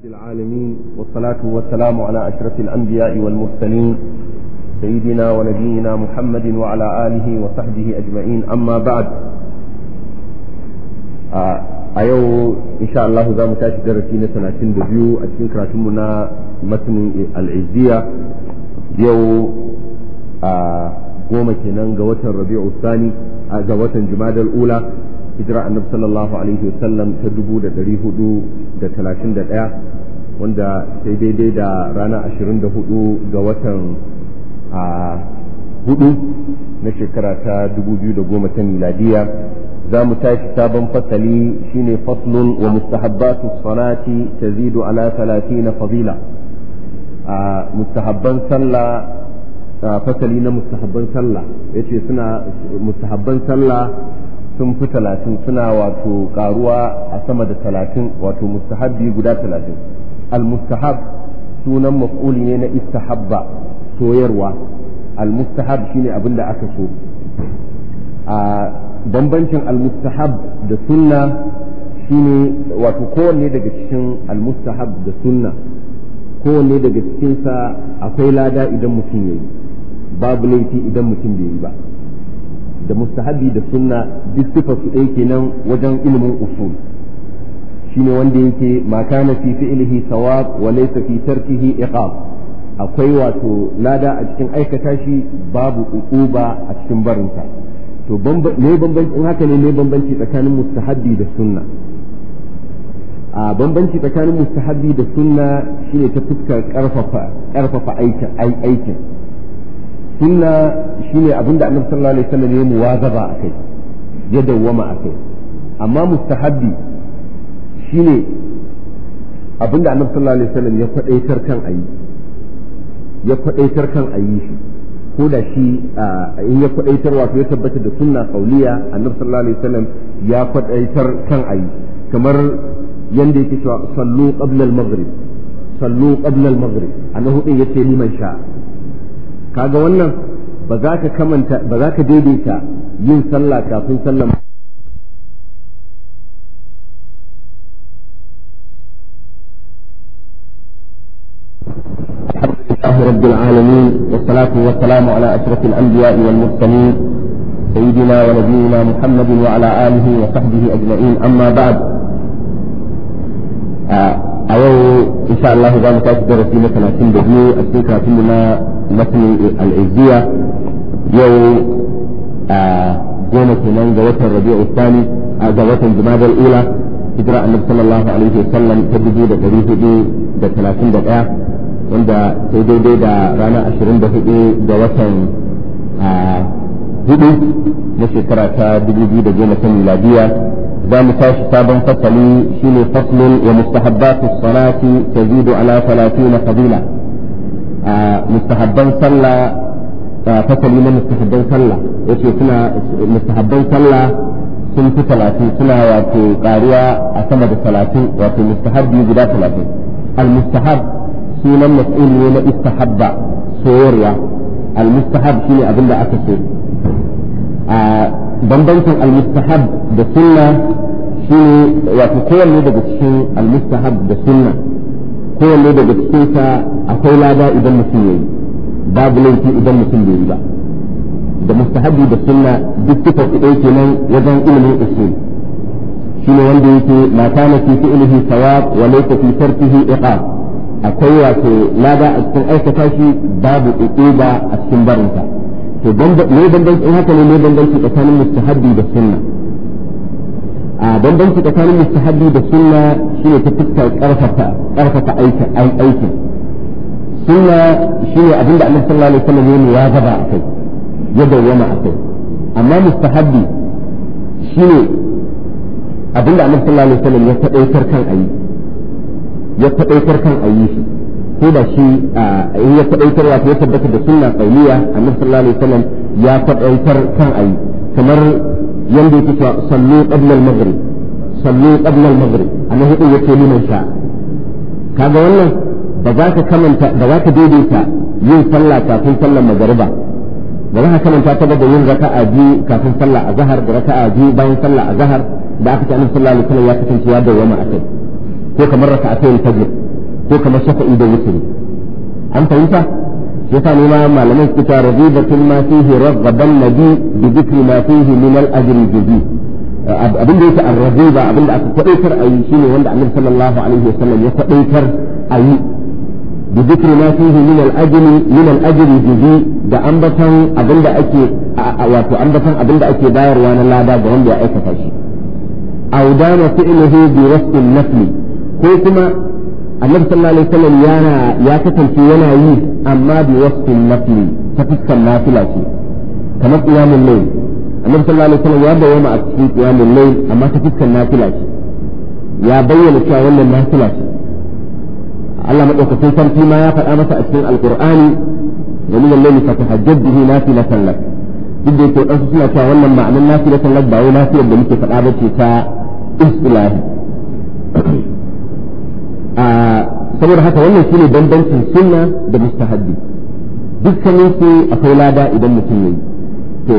العالمين والصلاة والسلام على أشرف الأنبياء والمرسلين سيدنا ونبينا محمد وعلى آله وصحبه أجمعين أما بعد أيو إن شاء الله ذا متاش درسينا سنعشين دبيو أتشين كراتمنا متن العزية يو قومة ننقوة الربيع الثاني قوة جماد الأولى hijira annabi sallallahu alaihi wasallam ta dubu da ɗari hudu da talatin da ɗaya wanda sai daidai da ranar ashirin da hudu ga watan hudu na shekara ta dubu biyu da goma ta miladiya za mu tashi sabon fasali shine faslun wa mustahabbatu salati tazidu ala talatina fadila a mustahabban sallah fasali na mustahabban sallah yace suna mustahabban sallah sun fi talatin suna wato karuwa a sama da talatin wato mustahabbi guda talatin al sunan maf'uli ne na istahabba soyarwa al-mustahab shine abin da aka so a bambancin al-mustahab da sunna shine wato kowanne daga cikin al da sunna kowanne daga cikinsa akwai lada idan mutum ya yi babu laifi idan mutum bai yi ba da mustahabi da sunna duk sifar su ɗaya kenan wajen ilimin usul shine wanda yake ma kana fi fi'lihi thawab wa laysa fi tarkihi iqab akwai wato lada a cikin aikata shi babu uquba a cikin barinsa to me bambanci in haka ne me bambanci tsakanin mustahabi da sunna a bambanci tsakanin mustahabi da sunna shine ta fuskar karfafa karfafa aikin aikin sunna shine abinda annabi sallallahu alaihi wasallam ya muwazaba akai ya dawwama akai amma mustahabbi shine abinda annabi sallallahu alaihi wasallam ya kwadaitar kan ayi ya kwadaitar kan ayi shi ko da shi in ya kwadaitar wato ya tabbata da sunna qauliya annabi sallallahu alaihi wasallam ya kwadaitar kan ayi kamar yanda yake cewa sallu qabla al-maghrib sallu qabla al-maghrib annahu din yace liman sha'a kaga wannan ba za ka kamanta ba za ka daidaita yin sallah kafin sallah لله رب العالمين والصلاة والسلام على أشرف الأنبياء والمرسلين سيدنا ونبينا محمد وعلى آله وصحبه أجمعين أما بعد insha Allah za mu tashi darasi na 32 a cikin karatun na matni al-izziya yau a goma kenan ga watan Rabi'u Thani a ga watan Jumada al-Ula a Annabi sallallahu alaihi wasallam ta 2431 wanda sai daidai da rana 24 ga watan hudu na shekara ta 2010 miladiya za mu shi sabon fasali shi ne faslun wa mustahabbatu salati tazidu ala salatina fadila a mustahabban sallah fasali na mustahabban sallah yace suna mustahabban sallah sun fi talatin suna wato ƙariya a sama da talatin wato mustahabbi guda talatin al mustahab sunan mas'ul ne na istahabba soyarwa al mustahab shine abin da aka so bambancin almustahab da sunna shine wato kowanne daga cikin almustahab da sunna kowanne daga cikin ta akwai lada idan mutum yayi babu laifi idan mutum bai yi ba da mustahabi da sunna duk kifar ɗaya kenan wajen ilimin usul shine wanda yake ma kana fi fi'lihi thawab wa laysa fi tarkihi iqab akwai wato lada a cikin aikata shi babu iqiba a cikin ta. to me bambanci in haka ne me bambanci tsakanin mustahabbi da sunna a bambanci tsakanin mustahabbi da sunna shine ta fuskar karfafa karfafa aikin aikin sunna shine abinda Allah sallallahu alaihi wasallam ya gaba akai ya dawwama akai amma mustahabbi shine abinda Allah sallallahu alaihi wasallam ya kadaitar kan ayi ya kadaitar kan ayi shi ko da shi in ya faɗaitar wato ya tabbatar da sunna qauliya annabi sallallahu alaihi wasallam ya faɗaitar kan ayi kamar yanda yake cewa sallu qabla al-maghrib sallu qabla al-maghrib annabi din yake liman sha kaga wannan ba za ka kamanta ba za ka daidaita yin sallah kafin sallar magariba ba za ka kamanta ta da yin raka'a biyu kafin sallah azhar da raka'a biyu bayan sallah azhar da aka ce annabi sallallahu alaihi wasallam ya kasance ya dawwama akai ko kamar raka'atayn fajr ko kamar shafa'i da wuturi an fahimta yasa ne nema malamai ta rabu da tun ma yi raghaban na bi dhikri ma fihi min al ajr jadi abin da yake ar-rabiba abin da aka kwadaitar ayi shine wanda annabi sallallahu alaihi wasallam ya kwadaitar ayi bi dhikri ma fihi min al ajr min al ajr jadi da ambatan abin da ake wato ambatan abin da ake bayarwa na lada ga wanda ya aikata shi audana fi'luhu bi wasl nafli ko kuma annabi sallallahu alaihi wasallam yana ya kasance yana yi amma bi wasfin nafli ta fuskan nafila ce kamar qiyamul layl annabi sallallahu alaihi wasallam ya bayyana a cikin qiyamul layl amma ta fuskan nafila ce ya bayyana cewa wannan nafila ce Allah madaukakin sarki ma ya faɗa masa a cikin alqur'ani wani layli fa tahajjad bihi nafilatan lak duk da yake wadansu suna cewa wannan ma'anar nafilatan lak ba wai nafilar da muke faɗa ba ce ta istilahi saboda haka wannan shine bambancin sunna da mustahabbi dukkanin su akwai lada idan mutum yayi to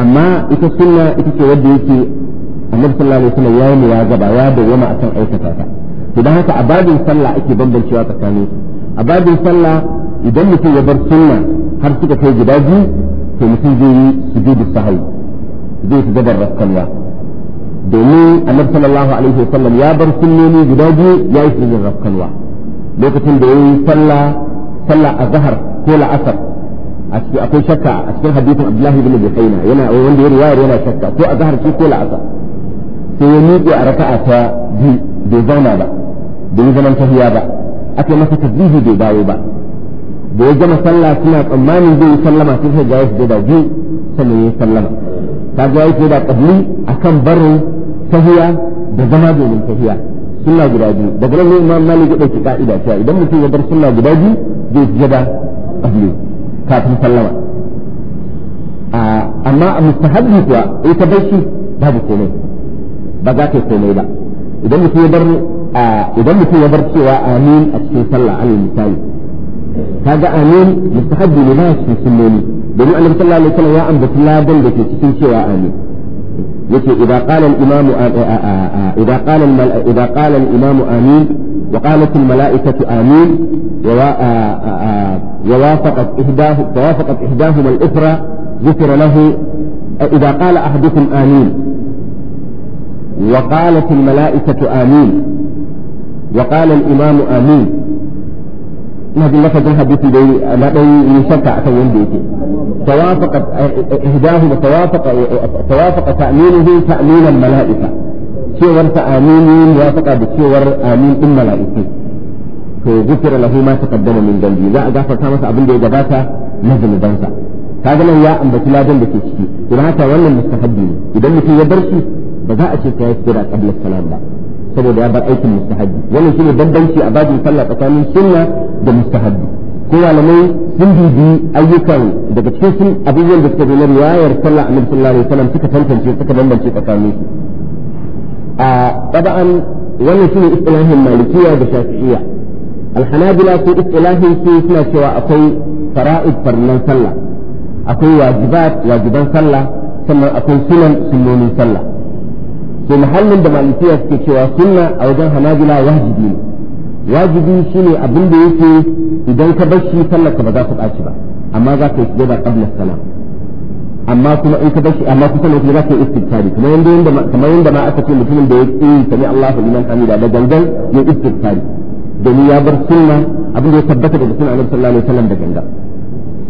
amma ita sunna ita ce wadda yake annabi sallallahu alaihi wasallam ya yi ya gaba ya dawwama akan aikata ta to dan haka a sallah ake bambancewa tsakanin su a sallah idan mutum ya bar sunna har suka kai gida biyu to mutum zai yi sujudu sahwi zai su gabar rakkalwa domin annabi sallallahu alaihi wasallam ya bar sunnoni guda biyu ya yi sirrin rafkanwa lokacin da yayi sallah a zahar ko la'asar a cikin akwai shakka a cikin hadisin abdullahi ibn buhaina yana wanda ya riwaya yana shakka ko azhar ce ko la'asar sai ya miƙe a raka'a ta biyu bai zauna ba domin zaman tahiya ba aka masa tasbihi bai dawo ba da ya gama sallah suna tsammanin zai yi sallama sai ya ga ya da biyu sannan ya sallama kaga yake da qabli akan barin tahiya da zama domin tahiya sunna guda biyu daga nan imam malik ya dauki ka'ida cewa idan mutum ya bar sunna guda biyu zai ji da qabli kafin sallama amma a mustahabbi kuwa ita bai shi babu komai ba za ka yi komai ba idan mutum ya bar idan mutum ya bar cewa amin a cikin sallah alal misali kaga amin mustahabbi ne ba su sunnoni domin annabi sallallahu alaihi wasallam ya ambaci ladan da ke cikin cewa amin yake idan qala al imam idan qala al idan qala al imam amin wa qalat al malaikatu amin wa wafaqat ihdahu tawafaqat ihdahum al ukhra ذكر له إذا قال أحدكم آمين وقالت الملائكة آمين وقال الإمام آمين ina jin lafazin hadisi da na dai yi shakka akan yanda yake tawafaqa eh, eh, ihdahu wa tawafaqa eh, tawafaqa ta'minuhu ta'min al-mala'ika cewar ta ya muwafaqa da cewar amin din mala'iku to gufira lahu ma taqaddama min dambi za a gafarta masa abin da ya gabata na zunubansa kaga nan ya ambaci ladan da ke ciki idan haka wannan mustahabbi ne idan mutum ya bar shi ba za a ce sai ya tsira qabla salam ba saboda ya bar aikin mustahabi wannan shine bambanci a babin sallah tsakanin sunna da mustahabi ko malamai sun bibi ayyukan daga cikin sun abubuwan da suka zo na riwayar sallah annabi sallallahu alaihi wasallam suka tantance suka bambance tsakanin su a taba'an wannan shine istilahin malikiya da shafi'iyya alhanabila ko istilahin su suna cewa akwai fara'id farnan sallah akwai wajibat wajiban sallah sannan akwai sunan sunnonin sallah to muhallin da malikiya suke cewa sunna a wajen hanabila wajibi ne wajibi shine abin da yake idan ka bar shi sallar ka ba za ta ɓaci ba amma za ka yi sujada qabla salam amma kuma in ka bar shi amma kusa ne kuma za ka yi istiftari kamar yanda yanda kamar yanda ma aka ce mutumin da ya yi sami Allahu liman hamida da gangan ya istiftari domin ya bar sunna abin da ya tabbata daga sunna Annabi sallallahu alaihi wasallam da gangan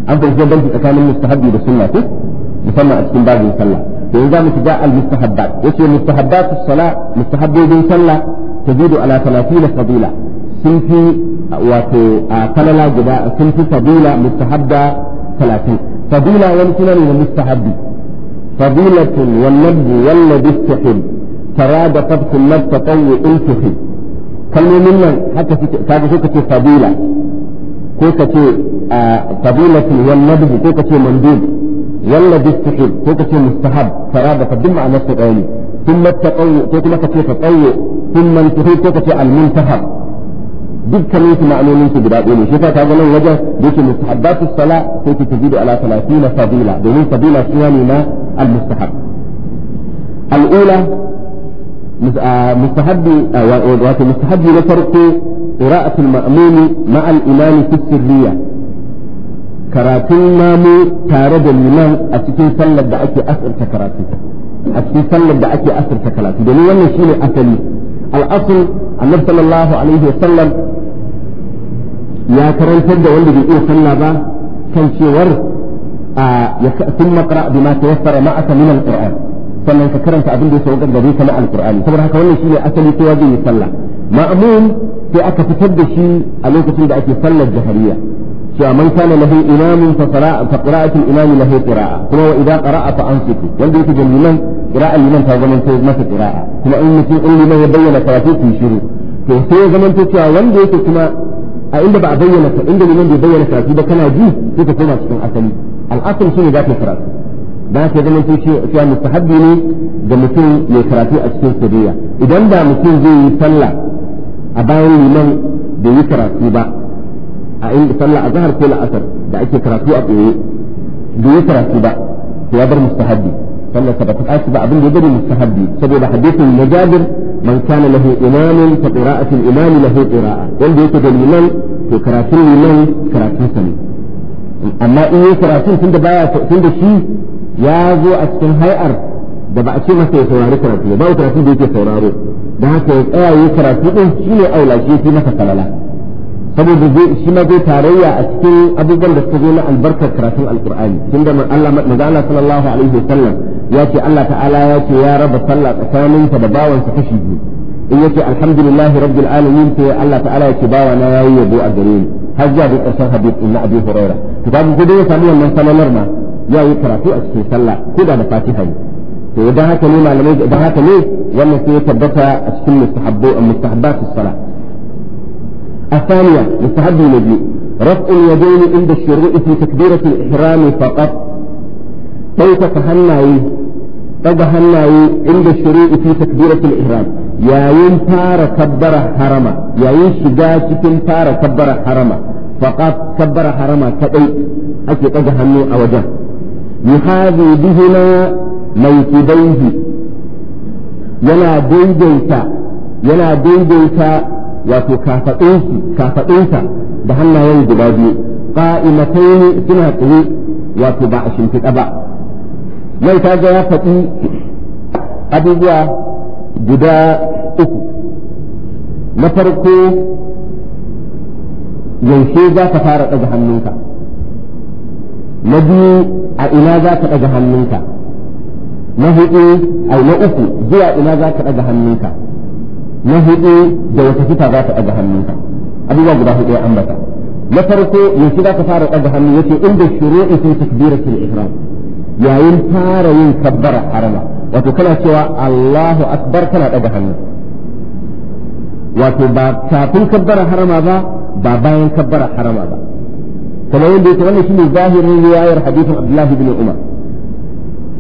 an fahimci bambanci tsakanin mustahabbi da sunna ko musamman a cikin babin sallah إذا متجاء المستحبات وفي المستحبات الصلاة مستحب يدين صلى تزيد على ثلاثين فضيلة سنفي وفي فللا آه، جداء سنفي فضيلة مستحبة ثلاثين فضيلة ومثلا من المستحب فضيلة والنبي والذي استحب فراد طبق النبي تطوي انتخي كلمة حتى كاجي شوكة فضيلة كوكة آه، فضيلة والنبي كوكة مندوب ولا بيستحب فوق مستحب فرادة فدم على نفس قولي ثم التطوع فوق ما كيف تطوع ثم التحيل فوق دي بالكمية معلومين في جرابين شفا تعالوا وجه بيت مستحبات الصلاة فوق تزيد على ثلاثين فضيلة دونين فضيلة فيها ما المستحب الأولى آه، مستحب آه، مستحب لفرق قراءة المأمون مع الإمام في السرية karatun namu tare da liman a cikin sallar da ake asirta karatu a cikin sallar da ake asirta karatu domin wannan shine asali al'asul annabi sallallahu alaihi sallam ya karantar da wanda bai iya sallah ba kan cewar ya ثم اقرأ بما تيسر معك من القرآن sannan ka karanta abin da ya sauka gare ka na alkur'ani saboda haka wannan shine asali kowa zai yi sallah ma'mum sai aka fitar da shi a lokacin da ake sallar jahariya cewa man kana lahu imamun fa fa qira'atu al-imam lahu qira'a kuma wa idza qara'a fa ansiku wanda yake da liman qira'a liman ta zama masa qira'a kuma in mutum in liman ya bayyana karatu shiru to sai ya zama ta wanda yake kuma a inda ba a bayyana ta inda liman bai bayyana karatu ba kana ji sai ka koma cikin asali al-asl shine da ke karatu dan sai zaman ta ne ga mutum ya karatu a cikin sabiya idan ba mutum zai yi sallah a bayan liman bai yi karatu ba a inda sallah azhar ko la'asar da ake karatu a ɓoye bai yi karatu ba to ya bar mustahabbi sallar sa ba ta tashi ba abin da ya bari mustahabbi saboda hadisin na Jabir man kana lahu imamun fa qira'atu al-imam lahu qira'a wanda yake da liman to karatun liman karatun sa ne amma in yi karatun tunda baya tunda shi ya zo a cikin hay'ar da ba a ce masa ya saurari karatu ba ba karatu da yake sauraro da haka ya tsaya yi karatu din shine aula shi masa falala saboda zai shi ma zai tarayya a cikin abubuwan da suka zo na albarkar karatun alkur'ani tun da Allah manzo Allah sallallahu alaihi wasallam ya ce Allah ta'ala ya ce ya raba sallah tsakaninka da bawansa kashi biyu in yace alhamdulillahi rabbil alamin to Allah ta'ala ya ce bawa na yayi yabo a gare ni har zuwa duk ƙarshen hadith din Abi Hurairah to babu gudu ya samu wannan salalar ma ya yi karatu a cikin sallah ko da da Fatiha ne to idan haka ne malamai idan haka ne wannan sai ya tabbata a cikin mustahabbu mustahabbatus salah الثانية مستحب النبي رفع اليدين عند الشروع في تكبيرة الإحرام فقط كيف هناوي طب عند الشروع في تكبيرة الإحرام يا ينفار كبر حرما يا ينشجاج تنفار كبر حرما فقط كبر حرما كأي أكي طب أوجه يحاذي بهما موكبيه ينا ديديتا ينا ديديتا wato kafaɗinsa da hannayen guda biyu ƙa'imataini suna tsaye wato ba a shimfiɗa ba mai ta ga ya faɗi abubuwa guda uku na farko yaushe za ka fara ɗaga hannunka na biyu a ina za ka ɗaga hannunka na hudu a na uku zuwa ina za ka ɗaga hannunka na hudu da wata kifa za ta ɗaga hannunka abubuwa guda hudu ya ambata na farko yaushe za ka fara ɗaga hannu yace inda shuru'i fi takbiratul ihram yayin fara yin kabbara harama wato kana cewa Allahu akbar kana ɗaga hannu wato ba kafin kabbara harama ba ba bayan kabbara harama ba kamar yadda yake wannan shine zahirin riwayar hadithin Abdullah ibn Umar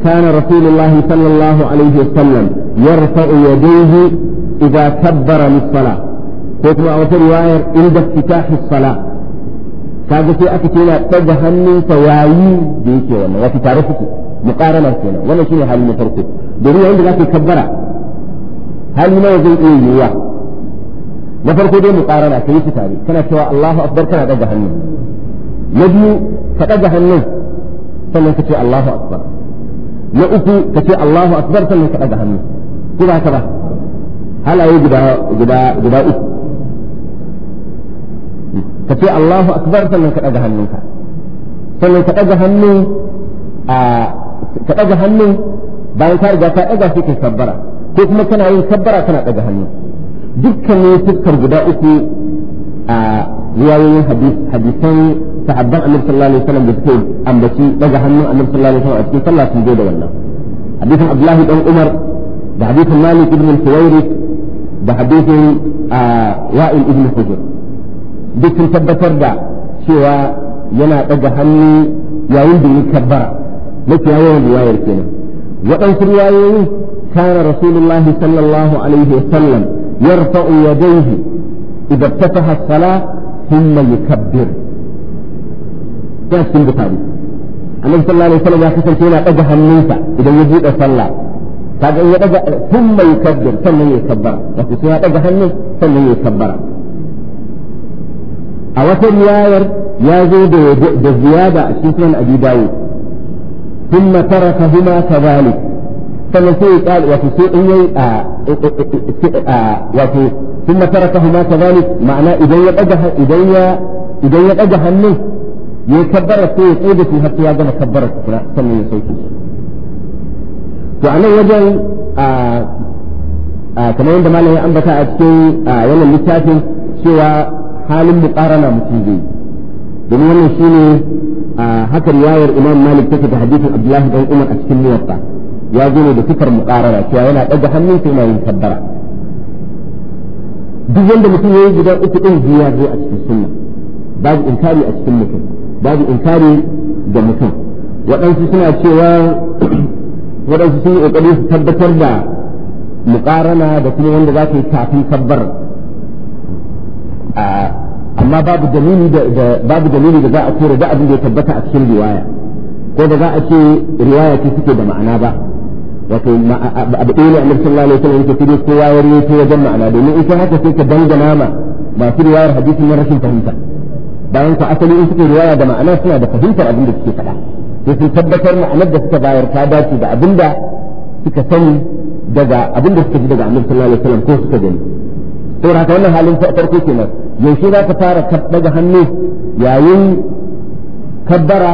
كان رسول الله صلى الله عليه وسلم يرفع يديه إذا كبر للصلاة كما أوت رواية عند افتتاح الصلاة كان في أكتنا تجهن سواي بيك ولا وفي تعرفك مقارنة كنا ولا شيء هل مفرق دوري عند لك كبرة هل ما يزيد إيه يوا نفرق دي مقارنة كيف تاري كنا سواء الله أكبر كنا تجهن نبي فتجهن سنة كتي الله أكبر نأتي كتي الله أكبر سنة تجهن كذا كذا halaye guda guda guda uku ka ce Allahu akbar sannan ka daga hannunka sannan ka daga hannu a ka daga hannu bayan ka riga ka daga shi ka sabbara ko kuma kana yin sabbara kana daga hannu dukkan ne fuskar guda uku a riwayoyin hadis hadisan sahabban annabi sallallahu alaihi wasallam da suke ambaci daga hannun annabi sallallahu alaihi wasallam a cikin sallah sun da wannan hadisan Abdullahi dan Umar da hadisan Malik ibn al da hadisin a wa'il ibn hujr duk sun tabbatar da cewa yana daga hannu yayin da yake kabbara mafiya yawan riwayar kenan waɗansu riwayoyi كان رسول الله صلى الله عليه وسلم ya يديه إذا افتتح الصلاة ثم يكبر. كيف تنبطان؟ النبي صلى الله عليه وسلم يقول لك أنا idan ya bude الصلاة kaga ya daga thumma yukabbir sannan ya kabbara wato sai ya daga hannu sannan ya kabbara a wata riwayar ya zo da ziyada a cikin abi dawud thumma tarakahuma kadhalik sannan sai ya kal wato sai in yayi wato thumma tarakahuma kadhalik ma'ana idan ya daga idan ya idan ya daga hannu ya kabbara sai ya tsaye da shi har sai ya gama kabbara sannan ya sauke shi to a nan wajen kamar yadda malam ya ambata a cikin wannan littafin cewa halin muqarana mutum zai domin wannan shine haka riwayar Imam Malik take da hadisin Abdullahi dan Umar a cikin muwatta ya zo ne da sifar muqarara cewa yana daga hannun sai yana yin kabbara duk wanda mutum yayi gidan uku din ya zo a cikin sunna babu inkari a cikin mutum babu inkari ga mutum waɗansu suna cewa waɗansu sun yi ƙoƙari su tabbatar da muƙarana da kuma wanda za ta yi kafin kabbar amma babu dalili da babu dalili da za a tura da abin da ya tabbata a cikin riwaya ko da za a ce riwaya ce suke da ma'ana ba wato abu ɗaya ne annabi sallallahu alaihi wasallam yake fide kowa ya rawaito wajen ma'ana domin in kai haka sai ka dangana ma masu riwayar hadisi na rashin fahimta bayan ku asali in suke riwaya da ma'ana suna da fahimtar abin da suke faɗa sai sun tabbatar ma'anar da suka bayar ta dace da abinda suka sani daga abinda suka ji daga annabi sallallahu alaihi wasallam ko suka gani saboda haka wannan halin farko kenan yaushe za ka fara daga hannu yayin kabbara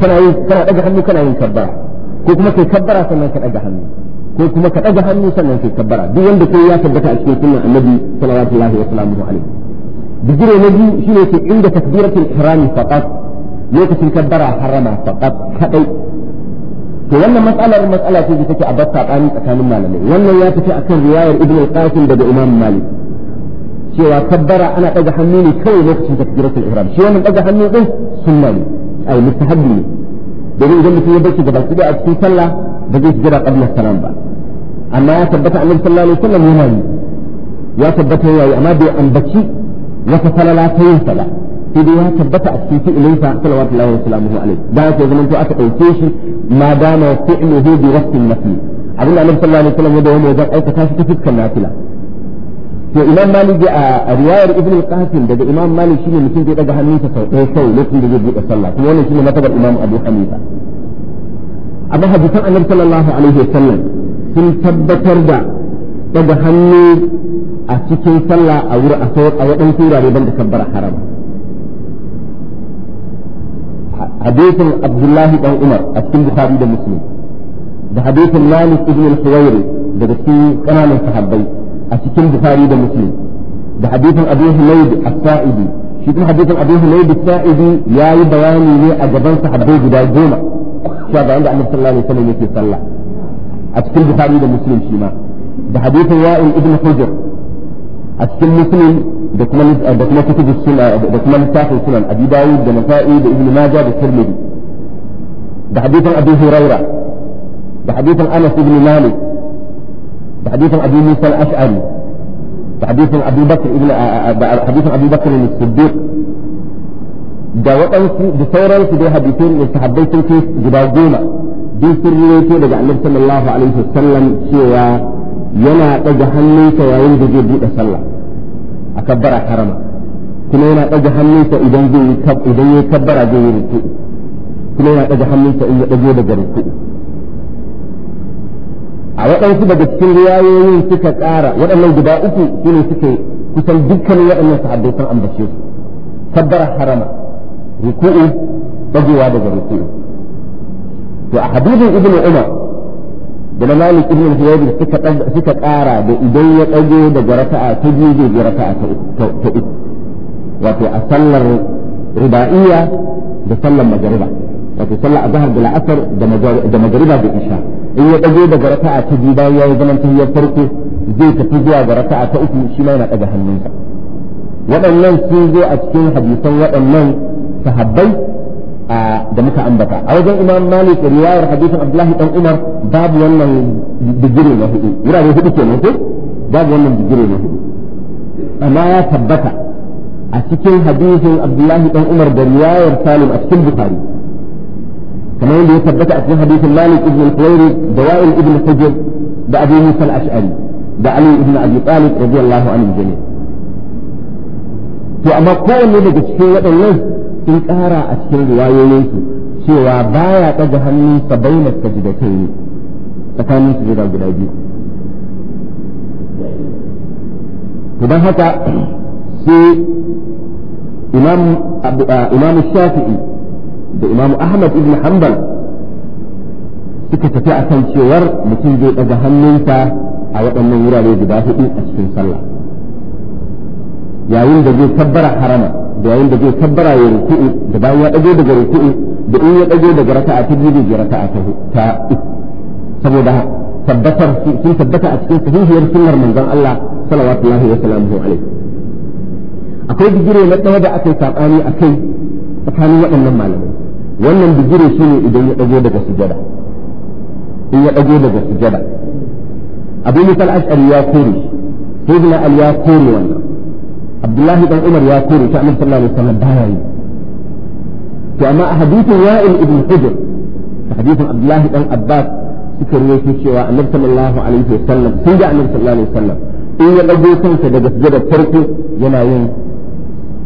kana yin kana daga hannu kana yin kabbara ko kuma kai kabbara sannan ka daga hannu ko kuma ka daga hannu sannan kai kabbara duk wanda kai ya tabbata a cikin sunnan annabi sallallahu alaihi wasallam bijire na biyu shine ke inda takbiratul ihrami faqat lokacin kabbara harama faqat kadai to wannan matsalar matsala ce da take a batta tsakanin tsakanin malamai wannan ya tafi akan riwayar ibn al-qasim daga imam malik cewa kabbara ana daga hannu ne kai lokacin takbiratul ihram shi wannan daga hannu din sunna ne ai mustahabbi ne domin idan mutum ya barci gaba da a cikin sallah ba zai jira qabla salam ba amma ya tabbata annabi sallallahu alaihi wasallam yana yi ya tabbata yayi amma bai ambaci wata salala ta yin salah sai dai ya tabbata a cikin fi'ilinsa sallallahu alaihi wasallam alaihi da yake zaman to aka dauke shi ma dama fi'luhu bi waqtin nafi abin da annabi sallallahu alaihi wasallam ya dawo ne zan aikata shi ta fuskar nafila to imam malik a riwayar ibn al-qasim daga imam malik shine mutum zai daga hannunsa sau ɗaya sau lokacin da zai buɗe sallah kuma wannan shine matabar imam abu hanifa amma hadisan annabi sallallahu alaihi wasallam sun tabbatar da daga hannu a cikin sallah a wurin a waɗansu wurare ban da kabbar harama hadisin abdullahi dan umar a cikin bukhari da muslim da hadisin malik ibn al-huwairi daga cikin kananan sahabbai a cikin da muslim da hadisin abu humayd as-sa'idi shi kuma hadisin abu humayd as-sa'idi yayi bayani ne a gaban sahabbai guda goma cewa ga inda annabi sallallahu alaihi yake sallah a cikin da muslim shi da hadisin wa'il ibn hujr a cikin muslim da kuma kutubu sunna da da nasa'i da ibnu majah da tirmidhi da hadithan abi da hadithan anas ibn malik da hadithan abi musa al-ash'ari da hadithan abi bakr hadithan abi da waɗansu da sauransu dai hadithai da sahabbai sun kai guda goma duk sun rawaito daga annabi sallallahu alaihi wasallam cewa yana ɗaga hannunsa yayin da zai buɗe sallah a kabbara harama kuma yana ɗaga hannunsa idan zai yi idan ya kabbara zai yi ruku kuma yana ɗaga hannunsa in ya ɗago daga ruku a waɗansu daga cikin riwayoyin suka ƙara waɗannan guda uku shine suke kusan dukkanin waɗannan sahabbai sun ambace su kabbara harama ruku'u ɗagewa daga ruku'u to a hadithin ibnu umar da na malik ibn al-huwaydi suka suka kara da idan ya dago daga raka'a ta biyu zai ji raka'a ta uku wato a sallar riba'iyya da sallar magariba wato sallar azhar da la'asar da magariba da isha in ya dago daga raka'a ta biyu bayan ya yi zaman tahiyyar farko zai tafi zuwa ga raka'a ta uku shi ma yana daga hannunsa waɗannan sun zo a cikin hadisan waɗannan sahabbai da muka ambata a wajen imam malik riwayar hadisin abdullahi dan umar babu wannan digiri na hudu wurare hudu kenan ko babu wannan digiri na hudu amma ya tabbata a cikin hadisin abdullahi dan umar da riwayar salim a cikin bukhari kamar yadda ya tabbata a cikin hadisin malik ibn al-khuwairi da wa'il ibn hujr da abu musa al-ash'ari da ali ibn abi talib radiyallahu anhu jami'a to amma kowanne daga cikin waɗannan sun ƙara a cikin riwayoyinsu cewa baya ɗaga hannun sa baina sajdatai ne su sujada guda biyu to dan haka sai imam imam shafi'i da imam ahmad ibn hanbal suka tafi akan cewar mutum zai ɗaga hannunsa a waɗannan wurare guda hudu a cikin sallah yayin da zai tabbara harama da yayin da zai tabbara ya ruku'u da bayan ya dago daga ruku'u da in ya dago daga raka'a ta biyu zai raka'a ta saboda tabbatar sun tabbata a cikin sahihiyar sunnar manzon Allah sallallahu wa sallam akwai digire na ɗaya da aka yi sabani akai tsakanin waɗannan malamai wannan shi shine idan ya dago daga sujada in ya dago daga sujada abin misal ash'ari ya kore sayyidina al ya kore wannan abdullahi dan umar ya kore ta annabi sallallahu alaihi wasallam baya yi to amma a hadithin wa'il ibn hujr hadithin abdullahi dan abbas suka rawaito cewa annabi sallallahu alaihi wasallam sun ga annabi sallallahu alaihi wasallam in ya dago kansa daga sujudar farko yana yin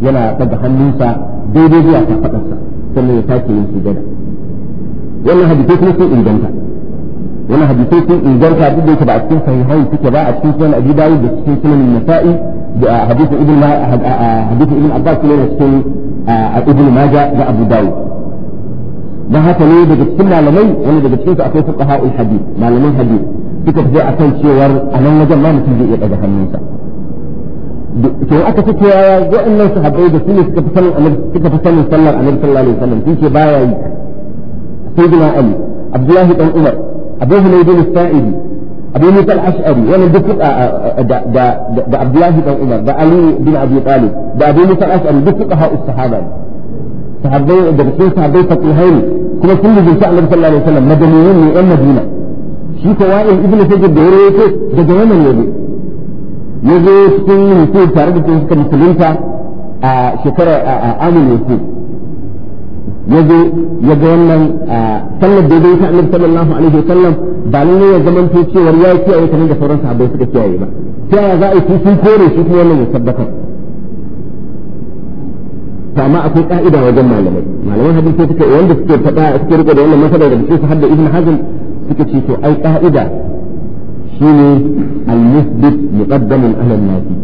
yana daga hannunsa daidai zuwa kafadarsa sannan ya sake yin sujada wannan hadisi kuma sun inganta wani hadisai sun inganta duk da yake ba a cikin sahihai suke ba a cikin sunan abi dawud da cikin sunan nasa'i da hadisin ibn hadisin ibn abbas ne da cikin ibn majah da abu dawud dan haka ne daga cikin malamai wani daga cikin su akwai fuqaha ul hadith malaman hadith suka fi akan cewar a nan wajen ma mutum zai iya daga hannunsa to aka ce cewa waɗannan sahabbai da su ne suka fi sanin annabi suka fi sanin sallar annabi sallallahu alaihi wasallam sun ce baya yi sayyidina ali abdullahi dan umar أبوه ليدين السائدي أبو موسى الأشعري ولا آه، آه، دفق دا عبد الله بن عمر دا علي بن أبي طالب دا أبو موسى الأشعري دفق هؤلاء الصحابة صحابي دا بكل صحابي فقيهين كما كل من صلى الله عليه وسلم مدنيين من المدينة شي كوائل ابن سجد بيريك دا دوما يجي يجي سكين يسير تارد كنسلينك شكرا آمن آه، يسير yazo ya ga wannan sallar da ya ta annabi sallallahu alaihi wasallam ba ne ya zaman to cewa ya yi kiyaye kamar da sauran sahabbai suka kiyaye ba sai ya za a yi sun kore shi kuma wannan ya tabbatar to amma akwai ka'ida wajen malamai malaman hadisi suka wanda suke fada suke rike da wannan masala da cikin hadda ibn hazm suka ce to ai ka'ida shine al-musbit muqaddamun ala an-nafi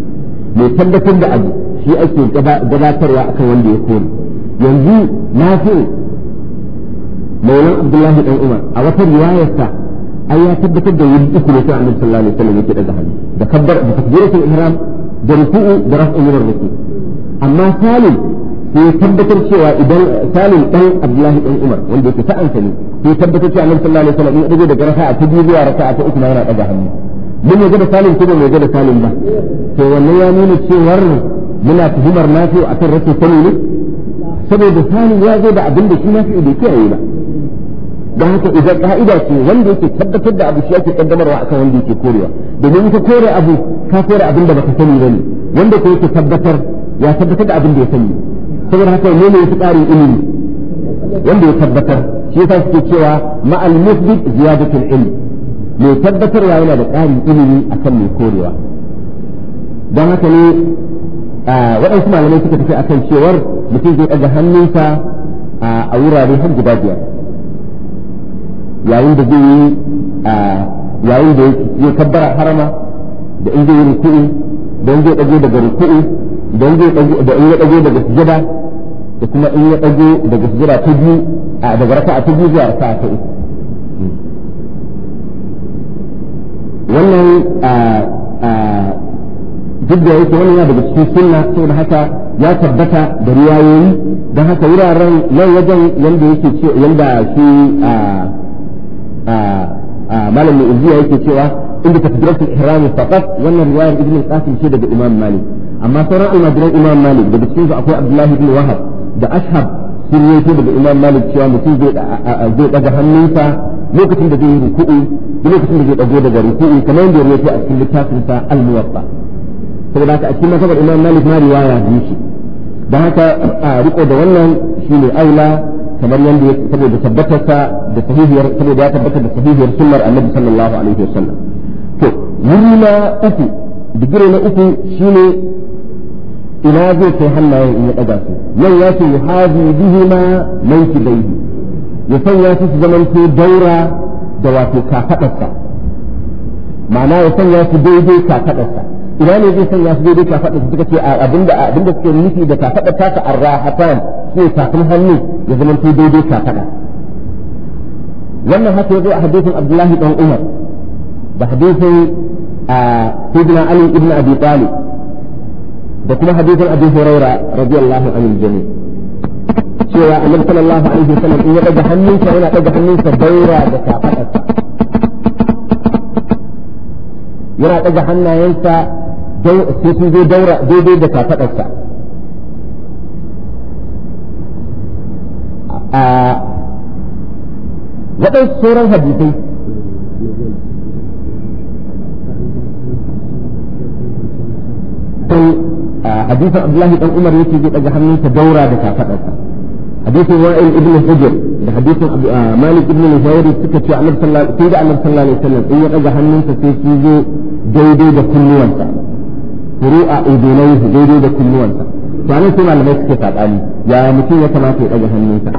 mai tabbatar da abu shi ake gabatarwa akan wanda ya kore yanzu na nafi maulan abdullahi dan umar a wata riwayarsa ai ya tabbatar da yin uku ne sai annabi sallallahu alaihi wasallam yake daga hannu da kabbar da takbiratul ihram da ruku'u da raf'u min ruku amma salim sai tabbatar cewa idan salim dan abdullahi dan umar wanda yake sa'an sa ne sai tabbatar cewa annabi sallallahu alaihi wasallam in daga raka'a ta biyu zuwa raka'a ta uku na yana daga hannu mun yaga da salim ko ba mu yaga da salim ba to wannan ya nuna cewar muna tuhumar nafi akan rashin sani ne saboda sani ya zo da abin da shi na fi bai kiyaye ba da haka idan ka'ida ce wanda yake tabbatar da abu shi yake kaddamarwa akan wanda yake korewa domin ka kore abu ka kore abin da baka sani bane wanda ko yake tabbatar ya tabbatar da abin da ya sani saboda haka ne ne yafi ƙarin ilimi wanda ya tabbatar shi yasa suke cewa ma'al musbit ziyadatul ilm mai tabbatarwa yana da tsarin ilimi akan mai korewa don haka ne waɗansu malamai suka tafi akan cewar mutum zai ɗaga hannunsa a wurare har guda biyar yayin da zai yi yayin da ya kabbara harama da in zai yi ruku'i don zai ɗago daga ruku'i don zai da in ya ɗago daga sujada da kuma in ya ɗago daga sujada ta biyu daga raka'a ta biyu zuwa raka'a ta uku wannan duk da yake wannan ya daga cikin sunna saboda haka ya tabbata da riwayoyi don haka wuraren nan wajen yanda yake ce yanda shi malam mai uziya yake cewa inda takbiratul ihram faqat wannan riwayar ibn al-qasim ce daga imam malik amma sauran almajiran imam malik daga cikin su akwai abdullahi ibn wahab da ashab sun yi daga imam malik cewa mutum zai daga hannunsa lokacin da zai yi ruku'u lokacin da zai dago daga ruku'u kamar yadda ya rawaito a cikin littafin sa al-muwatta saboda haka a cikin masabar imam malik ma riwaya biyu ce da haka a riko da wannan shine aula kamar yanda ya saboda da sahihiyar saboda ya da sahihiyar sunnar annabi sallallahu alaihi wasallam to wuri na uku digire na uku shine ina zai kai hannayen in ya daga su yau ya ce yuhazi bihima man kidaihi ya sanya su su zaman to daura da wato kafadarsa ma'ana ya sanya su daidai kafadarsa ina ne zai sanya su daidai kafaɗa su suka ce a abinda abinda suke nufi da kafaɗa ta ka arrahatan sai tafin hannu ya zama sai daidai kafaɗa wannan haka yazo a hadisin Abdullahi dan Umar da hadisin Sayyidina Ali ibn Abi Talib da kuma hadisin Abu Hurairah radiyallahu anhu jami cewa Annabi sallallahu alaihi wasallam in ya daga hannunsa yana daga hannunsa daura da kafaɗarsa yana ɗaga hannayensa sai sun zo daidai da kafaɗarsa a waɗansu sauran hadisai sai hadisin abdullahi ɗan umar yake zai ɗaga hannunsa daura da kafaɗarsa hadisin wa'il ibn hujr da hadisin ah, Malik ibn Mujahid suka ce Annabi sallallahu sai da Annabi sallallahu in ya daga hannunsa sai shi zo daidai da kunnuwansa furu'a udunaihi daidai da kunnuwansa to anan sai malamai suke sabani ya mutum ya kamata ya daga hannunsa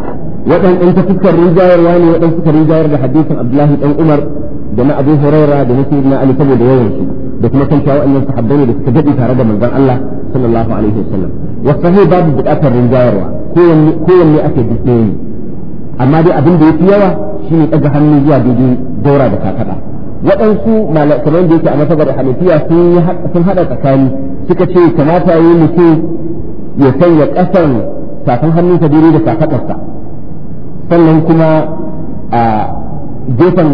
wadan in ta fuskar rijayarwa ne wadan suka rijayar da hadisin Abdullahi dan Umar da na Abu Hurairah da na Sayyidina Ali saboda yawan su da kuma kan cewa wa'annan sahabbai da suka daɗe tare da manzon Allah sallallahu alaihi wasallam wasu babu bukatar rinjayarwa kowanne kowanne ake bisne amma dai abin da ya fi yawa shi ne ɗaga hannu zuwa daidai daura da kakada waɗansu malakamai da yake a masabar hanafiya sun haɗa tsakani suka ce kamata yi mutum ya sanya ƙasar tafin ta daidai da kakaɗarsa sannan kuma a gefen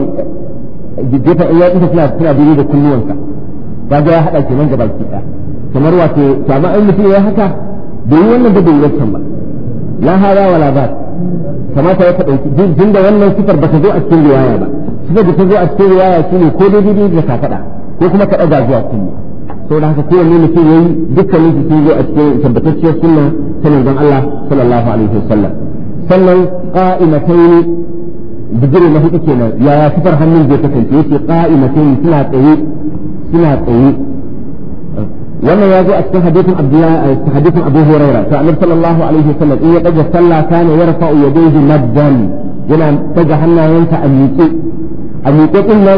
gefen ya ita suna suna daidai da kunnuwansa ga ya haɗa kenan gaba ki ɗaya kamar wato to amma in mutum ya haka bai yi wannan da bai yi ba la hada wala ba kamata ya faɗa jin da wannan sifar ba ta zo a cikin riwaya ba sifar da ta zo a cikin riwaya shine ko dai dai da ka faɗa ko kuma ka ɗaga zuwa kunni da haka kowanne mutum yayi dukkanin su sun zo a cikin tabbatacciyar sunna ta manzon Allah sallallahu alaihi wasallam sannan qa'imatayn bijire na hudu kenan ya sifar hannun zai kasance yace qa'imatayn suna tsaye suna tsaye ولا وما عبد الله التحديث أبو هريرة فأمر صلى الله عليه وسلم اي قد صلى كان يرفع يديه مدا ينا تجهلنا ينفع أميكي أميكي قلنا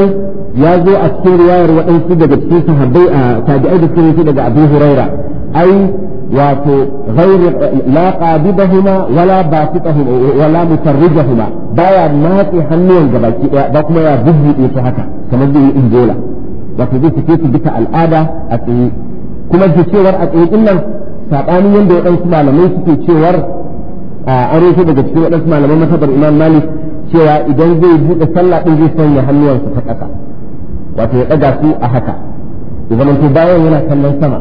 اكثر السير وإن سيدة في صحابي آه، تابعي في سيدة أبو هريرة أي واتو غير لا قابضهما ولا باسطهما ولا مفرجهما بايا ما في حنين جبالكي باكما يا بذي إيه كما دي إنجولا وفي ذي سكيتي بك الآدة أتي kuma da cewar a tsayin nan saɓani yanda waɗansu malamai suke cewar a shi daga cikin waɗansu malaman masabar imam malik cewa idan zai buɗe sallah ɗin zai sanya hannuwansa ta ƙasa wato ya ɗaga su a haka ya zama to bayan yana kallon sama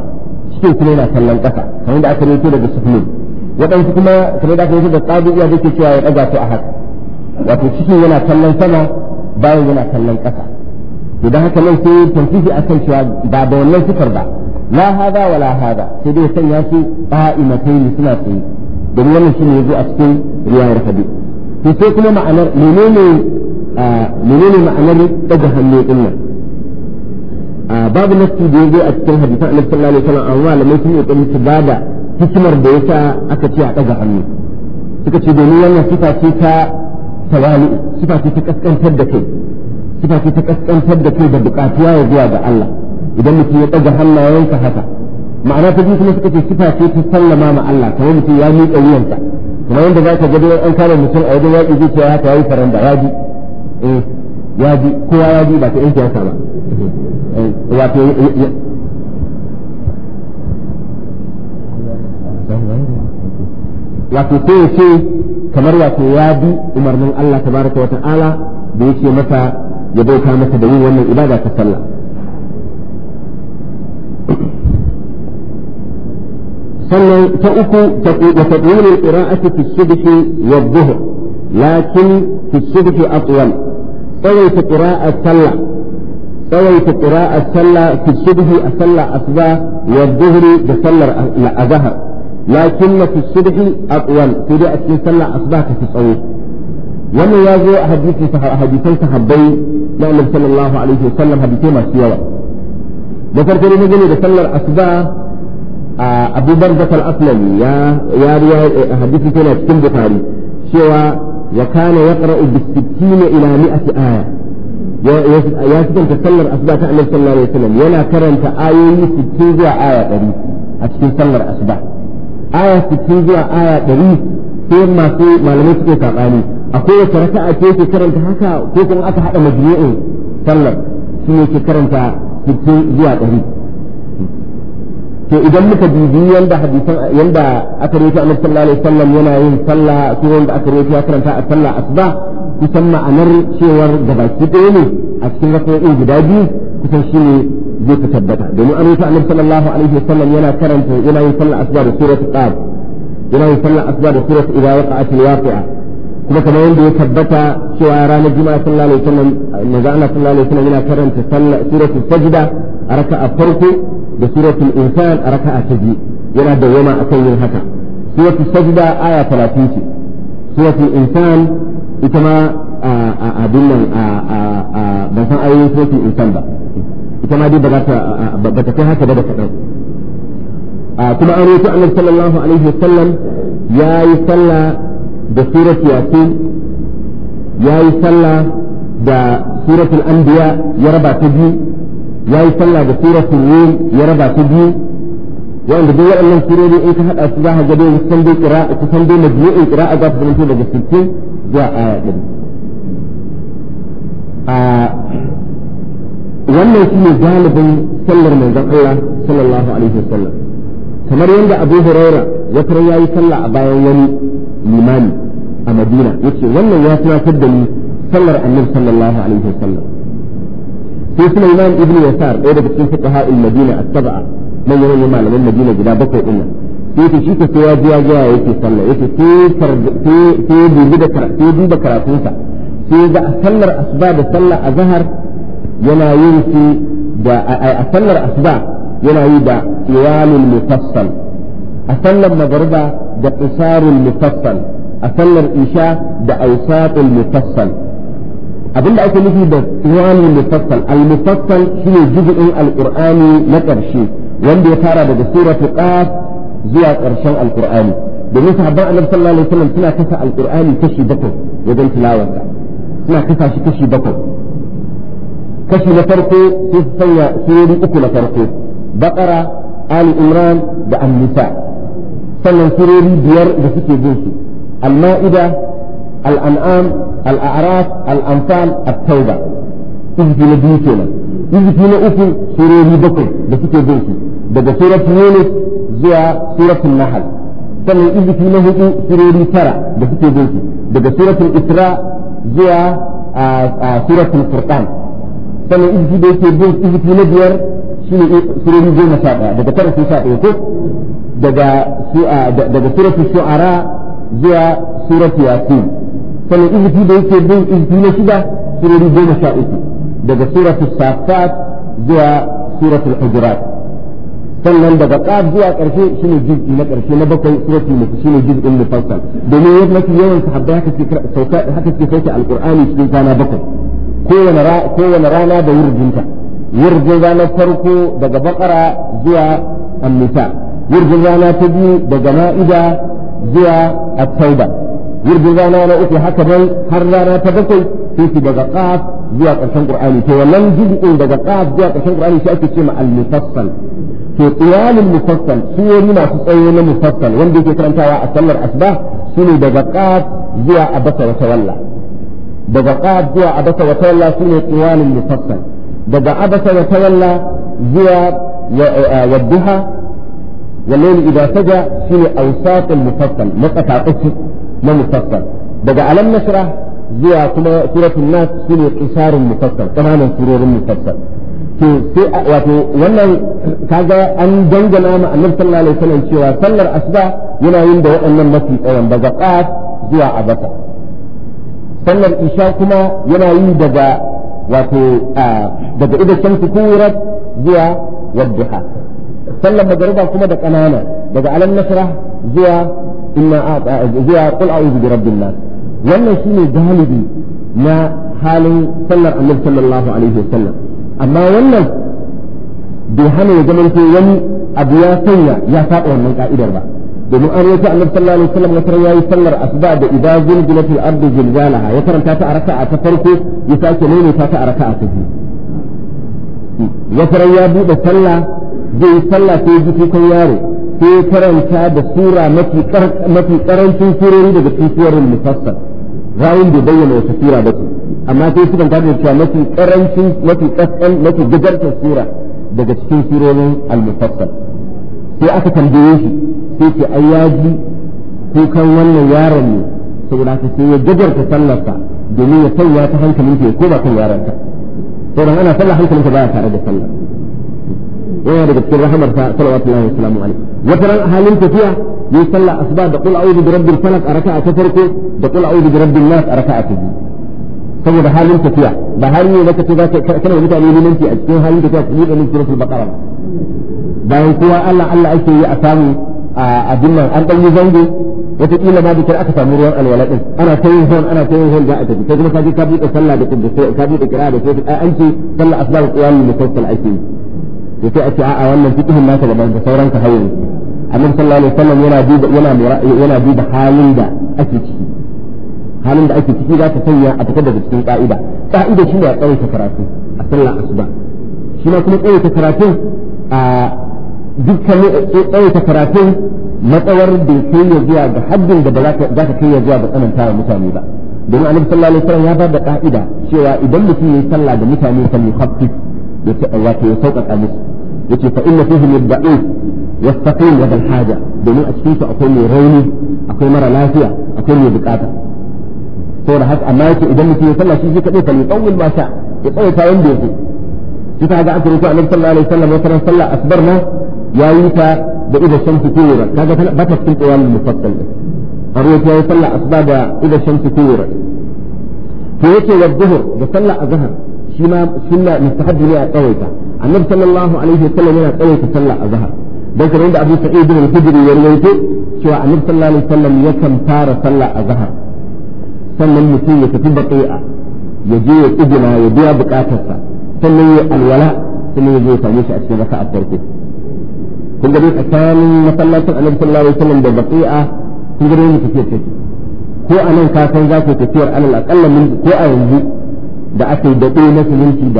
cikin kuma yana kallon ƙasa kamar da aka rito daga suflin waɗansu kuma kamar da aka rito da tsabiya zai ke cewa ya ɗaga su a haka wato cikin yana kallon sama bayan yana kallon ƙasa idan haka nan sai a akan cewa ba da wannan sifar ba la wa wala hada sai dai sanya su qa'imatayn suna tsaye domin wannan shine yazo a cikin riwayar hadith to sai kuma ma'anar menene menene ma'anar daga hannu din babu nafsi da yazo a cikin hadisan Annabi sallallahu alaihi wasallam amma malamai sun yi kokarin su bada da yasa aka ce a daga hannu suka ce domin wannan sifa ce ta tawali sifa ce ta kaskantar da kai sifa ce ta kaskantar da kai da bukatuwa ya zuwa ga Allah idan mutum ya ɗaga hannayensa haka ma'ana ta biyu kuma suka ce sifa ce ta sallama ma Allah kamar mutum ya miƙa wuyansa kamar yadda za ka ga dai an kama mutum a wajen yaƙi zuciya ah, haka yayi faranda ya ji eh ya ji kowa ya ji ba ta yanke yasa ba eh, wato wato ya ce kamar wato ya bi umarnin Allah tabaraka wa ta'ala da yake masa ya bauta masa da yin wannan ibada ta sallah sannan ta uku wa tadwinul qira'ati fi subhi wa dhuhr lakin fi subhi atwal ta qira'at sallah tsawaita qira'at sallah fi subhi a sallah asba wa dhuhr da sallar azhar lakin fi subhi atwal sai dai a cikin sallar asba ta fi tsawo wannan ya zo a hadisan sahabbai na annabi sallallahu alaihi wasallam hadisai masu yawa da farko ne gane da sallar asuba abu barzata al-aslami ya riya hadisi tana cikin bukhari cewa wa kana yaqra'u bi 60 ila 100 aya ya cikin sallar asuba ta annabi sallallahu alaihi wasallam yana karanta ayoyi 60 zuwa aya 100 a cikin sallar asuba aya 60 zuwa aya 100 sai masu malamai suke saɓani akwai wata raka a ke karanta haka ko kuma aka haɗa majmu'in sallar shi ne ke karanta 60 zuwa 100 to idan muka bibi yanda hadisan yanda aka rawaito annabi sallallahu alaihi wasallam yana yin sallah ko yanda aka rawaito ya karanta a sallah asba kusan ma'anar cewar baki ɗaya ne a cikin raka'o'in guda biyu kusan shi ne zai ka tabbata domin an rawaito annabi sallallahu alaihi wasallam yana karanta yana yin sallah asba da suratul qaf yana yin sallah asba da suratul idza waqa'atil waqi'a kuma kamar yadda ya tabbata cewa ranar juma'a sallallahu alaihi wasallam manzo Allah sallallahu alaihi wasallam yana karanta sallah suratul sajda a raka'a farko da suratul insan a raka'a ta biyu yana da yama akan yin haka suratul sajda aya 30 ce suratul insan ita ma a abin nan a ban san ayoyin suratul insan ba ita ma dai ba ta kai haka ba da kaɗan kuma an rufe annabi sallallahu alaihi wa sallam ya yi sallah da suratul yasin ya yi sallah da suratul anbiya ya raba ta biyu ya yi sallah da suratul rum ya raba ta biyu wanda duk waɗannan surori in ka haɗa su za ka gado kusan dai ƙira kusan dai majmu'in ƙira'a za su zama daga 60 zuwa aya ɗari wannan shi ne galibin sallar manzon Allah sallallahu alaihi wasallam kamar yadda Abu Huraira wata ran yayi sallah a bayan wani limami a Madina yace wannan ya tunatar da ni sallar Annabi sallallahu alaihi wasallam في سليمان ابن يسار ايضا ده فقهاء المدينة السبعة من يرى ما لم المدينة جدا بكو إنا في تشيك سوى جوا جوا يكي صلى يكي في فرد في في بيبدا كرا في بيبدا كرا في ذا أسلر أسباب صلى أظهر ينا ينسي دا أسلر أسباب ينا يدا إيوال المفصل أسلر مضربة دا قصار المفصل أسلر إشاء دا أوساط المفصل abinda ake nufi da wani mufassal al-mufassal shine juz'in al na karshe wanda ya fara daga suratu qaf zuwa karshen al-qur'ani domin sahabban annabi sallallahu alaihi wasallam suna kasa al-qur'ani kashi bakwai wajen tilawarsa suna kasa shi kashi bakwai kashi na farko sai sanya surori uku na farko baƙara ali imran da an-nisa sannan surori biyar da suke bin su al الأنعام الأعراف الأنفال التوبة إذن بيوتنا إذن أكو سورة بكر بسكة بيوتي daga surat Yunus zuwa suratul Nahl sannan izifi na hudu surori tara da suke bin su daga suratul Isra zuwa suratul Furqan sannan izifi da biyar shine surori goma daga tara sun sha daya daga daga Shu'ara zuwa suratul Yasin sannan izifi da yake bin izifi na shida surori goma sha uku daga suratu safat zuwa suratul hujurat sannan daga qaf zuwa karshe shine juz'i na karshe na bakwai suratul mulk shine juz'in mufassal domin yadda mafi yawan sahabbai haka suke sauka haka suke sauka alqur'ani cikin kana bakwai kowane rana da wurdinta wurdin rana farko daga bakara zuwa annisa wurdin rana ta biyu daga ma'ida zuwa at-tauba gurbin rana na uku haka nan har rana ta bakwai sai shi daga qaf zuwa ƙarshen qur'ani to wannan juz'in daga qaf zuwa ƙarshen qur'ani shi ake cewa al-mufassal to qiyamul mufassal su ne masu tsayo na mufassal wanda yake karantawa a sallar asuba su ne daga qaf zuwa abasa wa tawalla daga qaf zuwa abasa wa tawalla su ne qiyamul mufassal daga abasa wa tawalla zuwa wadduha والليل إذا سجى في أوساط المفصل مقطع قصة na mufassal daga alam nasra zuwa kuma suratul nas shine qisarun mufassal kananan surorin mufassal to sai wato wannan kaga an dangana ma annabi sallallahu alaihi wasallam cewa sallar asuba yana yin da waɗannan mafi tsayan daga qaf zuwa abasa sallar isha kuma yana yi daga wato daga idan shamsu kuwirat zuwa wadduha sallar magariba kuma da ƙanana daga alam nasra zuwa imma zuwa qul a'udhu bi rabbin nas wannan shine galibi na halin sallar annabi sallallahu alaihi wasallam amma wannan bai hana ya zama zamanto wani abu ya sanya ya saba wannan ka'idar ba domin an rawaito annabi sallallahu alaihi wasallam wata ya yi sallar asuba da idza zulzilatil ardu zilzalaha ya karanta ta a raka'a ta farko ya sake nuna ta a raka'a ta biyu wata ya bude sallah zai yi sallah sai ji kukan yaro sai karanta da sura mafi karancin surori daga cikin suwarin mufassal rawun bai bayyana wata sura ba ce amma sai sukan ta da cewa mafi karancin mafi kasan mafi gajartar sura daga cikin surorin al-mufassal sai aka tambaye shi sai ce ai ya ji kukan wannan yaron ne saboda haka sai ya gajarta sallarsa domin ya sanya ta hankalinta ya koma kan yaronta sauran ana sallah hankalinta baya tare da sallah yana daga cikin salawatu sa sallallahu alaihi wasallam wata ran halin tafiya yayi sallah asuba da qul a'udhu bi rabbil falaq a raka'a ta farko da qul a'udhu bi rabbin nas a raka'a ta biyu saboda halin tafiya ba har ne zaka ce zaka kana mutane limanci a cikin halin tafiya ku buɗe min suratul baqara bayan kowa Allah Allah ake yi a samu a dinnan an dan yi zango wataƙila ma bikin aka samu ruwan alwala din ana ta yin hon ana ta yin hon da aka kai kuma ka je ka buɗe sallah da kudda ka buɗe kira da sai an ce sallah asbar qiyam mufassal ake yi ya ce ake a'a wannan fiqhin nasa da da sauran ka hawo annabi sallallahu alaihi wasallam yana duba yana yana duba halin da ake ciki halin da ake ciki zaka sanya a fitar daga cikin ka'ida ka'ida shine a tsare ta karatu a sallar asuba shi ma kuma tsare ta karatu a dukkan eh, tsare ta karatu matsawar da kai ya zuwa ga haddin da ba za ka kai ya zuwa ga tsanantawa mutane ba domin annabi sallallahu alaihi wasallam ya ba da ka'ida cewa idan mutum ya yi sallah da mutane kan yuhaffif wato ya sauƙaƙa musu yace fa inna fihim ad-da'if yastaqim wa bil haja domin a cikin su akwai mai rauni akwai mara lafiya akwai mai bukata saboda haka amma yace idan mutum ya sallah shi zai kadai fa yutawil ma sha ya tsawaita wanda yake shi ta ga aka rufe annabi sallallahu alaihi wasallam wata sallah asbar ma yayi ta da ida shamsu kuwira kaga ba ta cikin qiyamul mufassal an rufe yayi sallah asba da ida shamsu kuwira to yace wa dhuhr da sallah azhar suna ma sunna ne a tsawaita annabi sallallahu alaihi wasallam yana tsawaita sallah azhar dan kamar da Abu Sa'id al-Khudri ya rawaito cewa annabi sallallahu alaihi ya yakan fara sallah zahar sannan mutum ya tafi baqi'a ya je ya tsibina ya biya bukatarsa sannan ya alwala sannan ya je ya same shi a cikin raka'a farko kun gani tsakanin masallacin annabi sallallahu alaihi da baqi'a kun gani ne tafiyar take ko anan ka san za ka tafiyar alal aqalla ko a yanzu da aka yi daɗe na siminti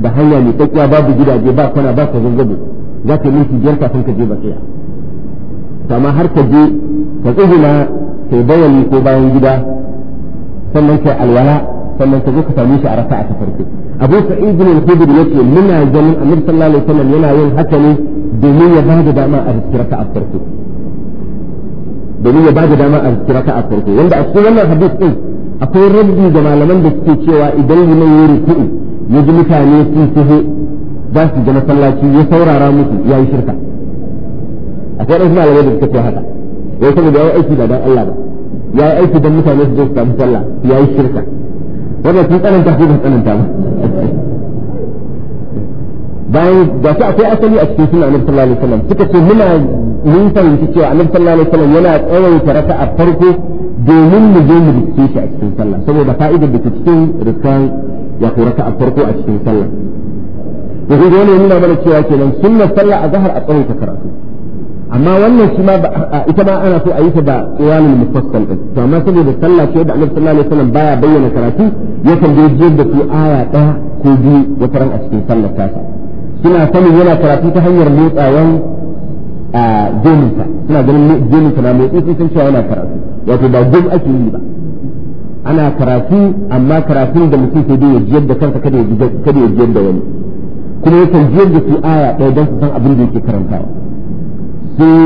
da hanya mai tsakiya babu gidaje ba kwana ba ka zazzabo za ka yi minti biyar kafin ka je ba tsaya amma har ka je ka tsuguna ka yi bayani ko bayan gida sannan ka alwala sannan ka zo ka same shi a rasa a tafarki abu sa'id bin al-khudr yace muna ganin annabi sallallahu alaihi wasallam yana yin haka ne domin ya ba da dama a rasa a farko domin ya ba da dama a rasa a farko wanda a cikin wannan hadisi din akwai rabbi ga malaman da suke cewa idan liman ya ruku'u ya ji mutane sun taho za su ji masallaci ya saurara musu ya yi shirka akwai ɗansu malamai da suka ce haka ya yi saboda ya yi aiki da dan Allah ba ya yi aiki don mutane su je su samu sallah ya yi shirka wannan sun tsananta ko ba tsananta ba bayan da su akwai asali a cikin suna annabi sallallahu alaihi wasallam suka ce muna mun fahimci cewa annabi sallallahu alaihi wasallam yana tsawaita raka'a farko domin mu je mu riske shi a cikin sallah saboda fa'idar da ke cikin rikan wato raka a farko a cikin sallah da kun wani nuna mana cewa kenan sunnar sallah a zahar a tsawon ta karatu amma wannan shi ma ita ma ana so a yi ta da qiyamin mufassal din to amma saboda sallah ce da Annabi sallallahu alaihi wasallam baya bayyana karatu yakan je jiyar da su aya ɗaya ko biyu wataran a cikin sallar tasa suna sanin yana karatu ta hanyar motsawan a gominsa suna ganin gominsa na motsi sun san cewa yana karatu wato ba gom ake yi ba ana karatu amma karatun da mutum sai dai ya jiyar da kansa kada ya kada jiyar da wani kuma yakan jiyar da su aya ɗaya don su san abin da yake karantawa sai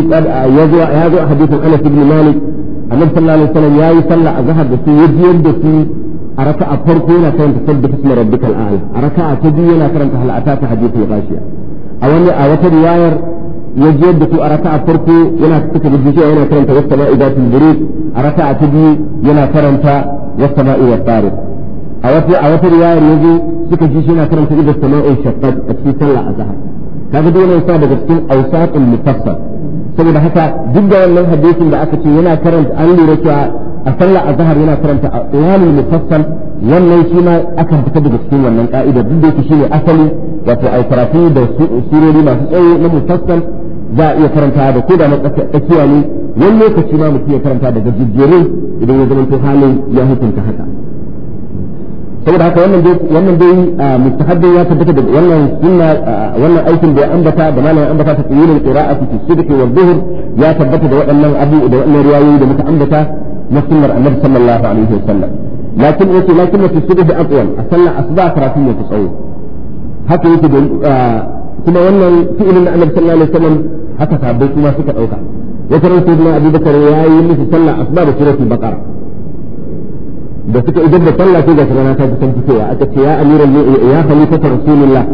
ya zo ya zo a hadisin Anas ibn Malik annabi sallallahu alaihi wasallam yayi sallah a zahar da su ya jiyar da su a raka'a farko yana karanta sabbi bismi rabbikal a'la a raka'a ta biyu yana karanta hal ataka hadithul ghashiya a wani a wata riwayar ya je da su a raka'a farko yana yana karanta wasu sama'i da su buruk a raka'a ta biyu yana karanta wasu sama'i da a wasu a wata riwayar ya zo suka ji yana karanta ibn sama'i shaffaf a cikin sallah azhar kaga dole ne sa daga cikin awsatul mufassal saboda haka duk da wannan hadisin da aka ce yana karanta an lura cewa a sallah azhar yana karanta a qiyamul mufassal wannan shi ma akan fita daga cikin wannan ka'ida duk da yake asali wato a karatu da surori masu tsawo na mufassal za a iya karanta da ko da tsakiya ne wani lokaci ma mutum ya karanta daga jijjere idan ya zama to halin ya hukunta haka saboda haka wannan dai ah, mustahabbin ya tabbata da wannan sunna ah, wannan aikin da ya ambata da ambata ta fi sidqi wal dhuhr ya tabbata da waɗannan abu da waɗannan riwayoyi da muka ambata na sunnar annabi sallallahu alaihi wasallam lakin lakin sidqi aqwal a sallar asuba karatun ya tsawo haka yake da ah, kuma wannan fi'ilin da annabi sallallahu alaihi wasallam haka sabai kuma suka dauka wata ran sayyidina Abu Bakar yayi musu sallah asuba da baqara da suka idan da sallah sai ga rana ta kusan fitowa aka ce ya ne ya khalifatu rasulullah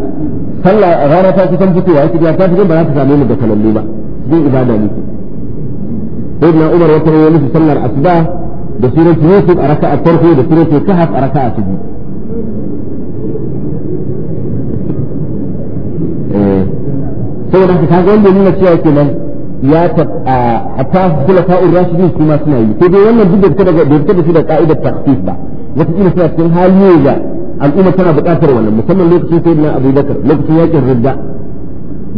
sallah rana ta kusan fitowa ce ya ta fito ba za ta samu mu da kalallu ba zai ibada ne na Umar wata ran musu sallar asuba da surati Yusuf a raka'a farko da surati Kahf a raka'a ta biyu Eh. saboda ka kaga wanda nuna cewa kenan ya ta hatta ta ar shi su ma suna yi ko dai wannan duk da fita daga da fita da shi da ka'idar taqsif ba wata kila suna cikin hali da al'umma tana buƙatar wannan musamman lokacin na Abu Bakar lokacin yakin ridda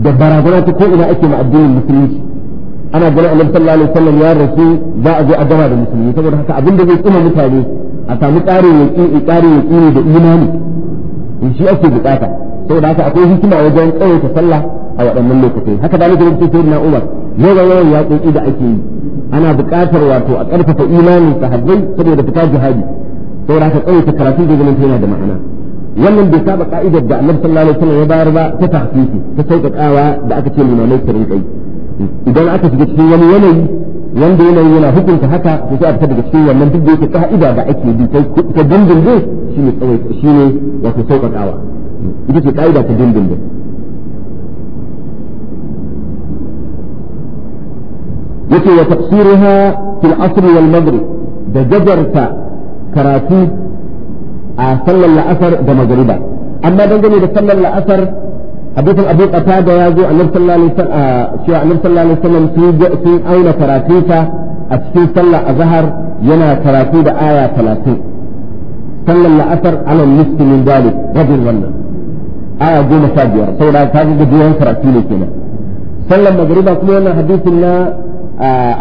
da barazana ta ko ina ake ma addinin musulunci ana ganin annabi sallallahu alaihi wasallam ya rasu za a zo a gama da musulmi saboda haka abin da zai tsima mutane a samu ƙarin yaƙi ƙarin ne da imani in shi ake buƙata saboda haka akwai hikima wajen tsawaita sallah a waɗannan lokacin haka da nake rubuta sayyidina Umar yawan yawan yaƙoƙi da ake yi ana buƙatar wato a ƙarfafa imanin sahabbai saboda fita jihadi saboda haka tsawaita karatu da zaman yana da ma'ana wannan bai saba ka'idar da Annabi sallallahu alaihi wasallam ya bayar ba ta tahqiqi ta sauƙaƙawa da aka ce limamai su rinƙa idan aka shiga cikin wani yanayi wanda yanayi yana hukunta haka to sai a fita daga cikin wannan duk da yake ka'ida da ake bi ta shi ne tsawai ne wato sauƙaƙawa ita ce ka'ida ta dindindin yake wa tafsiruha fil asr wal maghrib da jajarta karatu a sallar la'asar da magriba amma dangane da sallar la'asar hadisin abu qatada ya zo annabi sallallahu alaihi wasallam sun auna karatunsa a cikin sallar azhar yana karatu da aya 30 sallar la'asar ala muslimin dalik rabin wannan aya goma sha biyar saboda ta ga biyan karatu ne kenan sallar magriba kuma yana hadisin na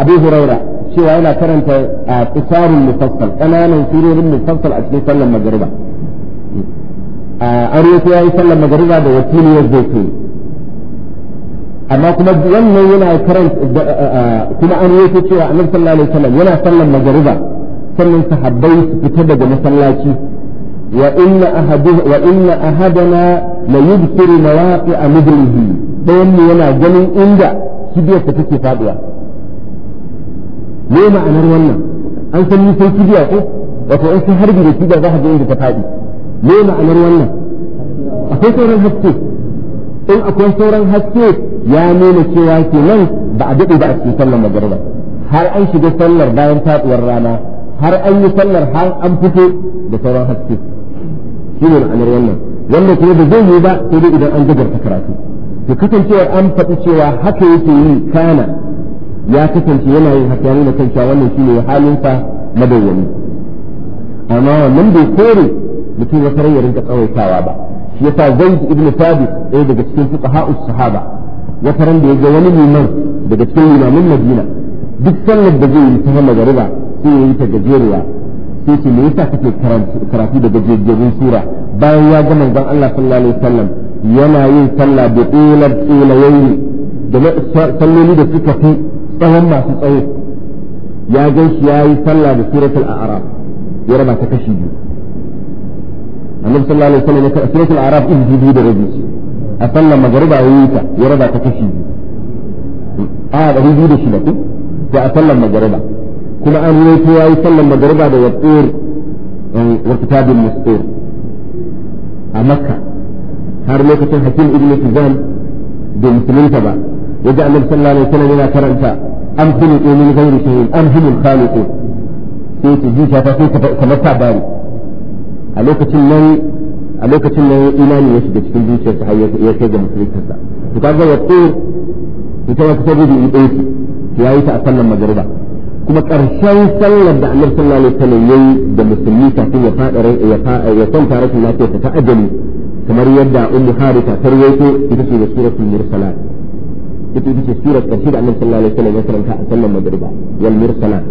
abu huraira cewa yana karanta qisarul mufassal kananan surorin mufassal a cikin sallar magriba aure ya yi sallar magariba da wakili ya zai ce amma kuma wannan yana karanta kuma an yi cewa annabi sallallahu alaihi wasallam yana sallar magariba sannan sahabbai su fita daga masallaci wa inna ahadu wa inna ahadana la yubsiru mawaqi'a mithlihi dan ne yana ganin inda kibiyar ta take faduwa me ma'anar wannan an san ni sai kibiya ko wato in sun harbi da kibiya za ka ga inda ta fadi me ma'anar wannan akwai sauran haske in akwai sauran haske ya nuna cewa nan ba a daɗe ba a cikin sallar magariba har an shiga sallar bayan faɗuwar rana har an yi sallar har an fito da sauran haske shi ne ma'anar wannan wanda kuma da zai yi ba sai dai idan an gajarta karatu to kasancewar an faɗi cewa haka yake yi kana ya kasance yana yin haka ya nuna kan cewa wannan shi ne halinsa madawwami amma wannan bai kore متي وثري رنج قوي كوابا يتا زيد ابن ثابت ايه دقت كين فقهاء الصحابة وثرن دي جواني ممر دقت كين امام المدينة دك سنة بجي يتهم جربا سي ايتا جزيريا سي سي ليتا كتل كراتي بجي جزيري سيرا باو واجم الله الله صلى الله عليه وسلم يما يتلا بقيلة بقيلة يولي دماء صلى لي دكي كفي صهم في صحيح يا جيش يا يتلا بسيرة الأعراب يرمى تكشي جيو annabi sallallahu alaihi wasallam ya suratul araf in biyu da rabi a sallan magariba ya yi ta ya raba ta kashi biyu a da biyu da shida ko a sallan magariba kuma an yi ta yayi sallar magariba da watsuwar eh, wa kitabin mustur a makka har lokacin hakim ibn tizam da musulunta ba ya ji annabi sallallahu alaihi wasallam yana karanta an fi hulu min ghairi shay'in an hulu khaliqun sai ta ji ta ta kamar ta bari a lokacin nan a lokacin nan imani ya shiga cikin zuciyarsa har ya kai ga musulunci musuluncinsa to kaga wa tur ita wata sabu da ido ya yi ta a sallar magariba kuma karshen sallar da annabi sallallahu alaihi wasallam yayi da musulmi kafin ya fada ya fada ya kwanta rashin lafiyarsa ta ajali kamar yadda ummu harita ta rawaito ita ce da suratul mursalat ita ita ce surar ƙarshe da annabi sallallahu alaihi wasallam ya karanta a sallar magariba wal mursalat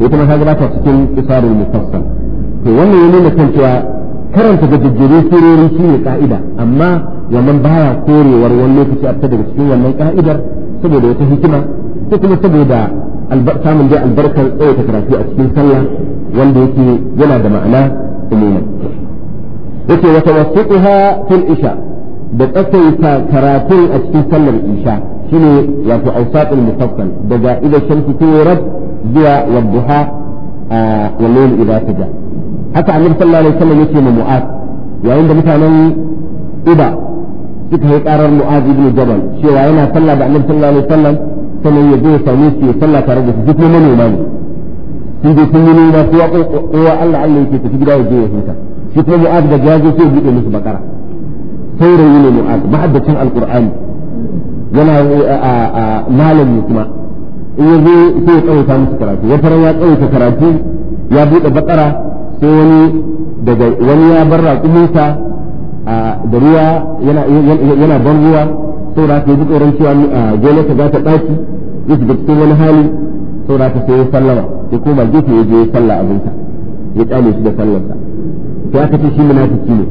ita ma ta gabata cikin qisarul mufassal to wannan ya nuna kan cewa karanta gajejjere sirori shi ne ka'ida amma wannan baya korewar wani lokaci a daga cikin wannan ka'idar saboda wata hikima ko kuma saboda samun da albarkar tsawaita karatu a cikin sallah wanda yake yana da ma'ana umuman yake wata wasuƙuha fil isha da tsakaita karatu a cikin sallar isha shine wato awsatul mufassal daga ila shamsu turab zuwa wadduha wa layl idha saja haka annabi sallallahu alaihi wasallam yake ma mu'az yayin da mutanen uba suka yi karar mu'az ibn jabal cewa yana sallah da annabi sallallahu alaihi wasallam sannan ya zo ya same ya sallah tare da su duk manoma ne sun je sun yi nuna kowa kowa Allah Allah yake tafi gida ya je ya huta shi kuma mu'az da jaje sai ya bude musu bakara rayu ne mu'az mahaddacin alqur'ani yana malami kuma in ya zo sai ya tsawaita musu karatu ya fara ya tsawaita karatu ya bude bakara sai wani daga wani ya bar raƙuminsa da ruwa yana ban ruwa da ta yi tsoron cewa gole ta ta ɗaki ya shiga cikin wani hali saboda ta sai ya sallama ya koma gefe ya je ya salla abinsa ya ƙyale shi da sallarsa sai aka ce shi munafiki ne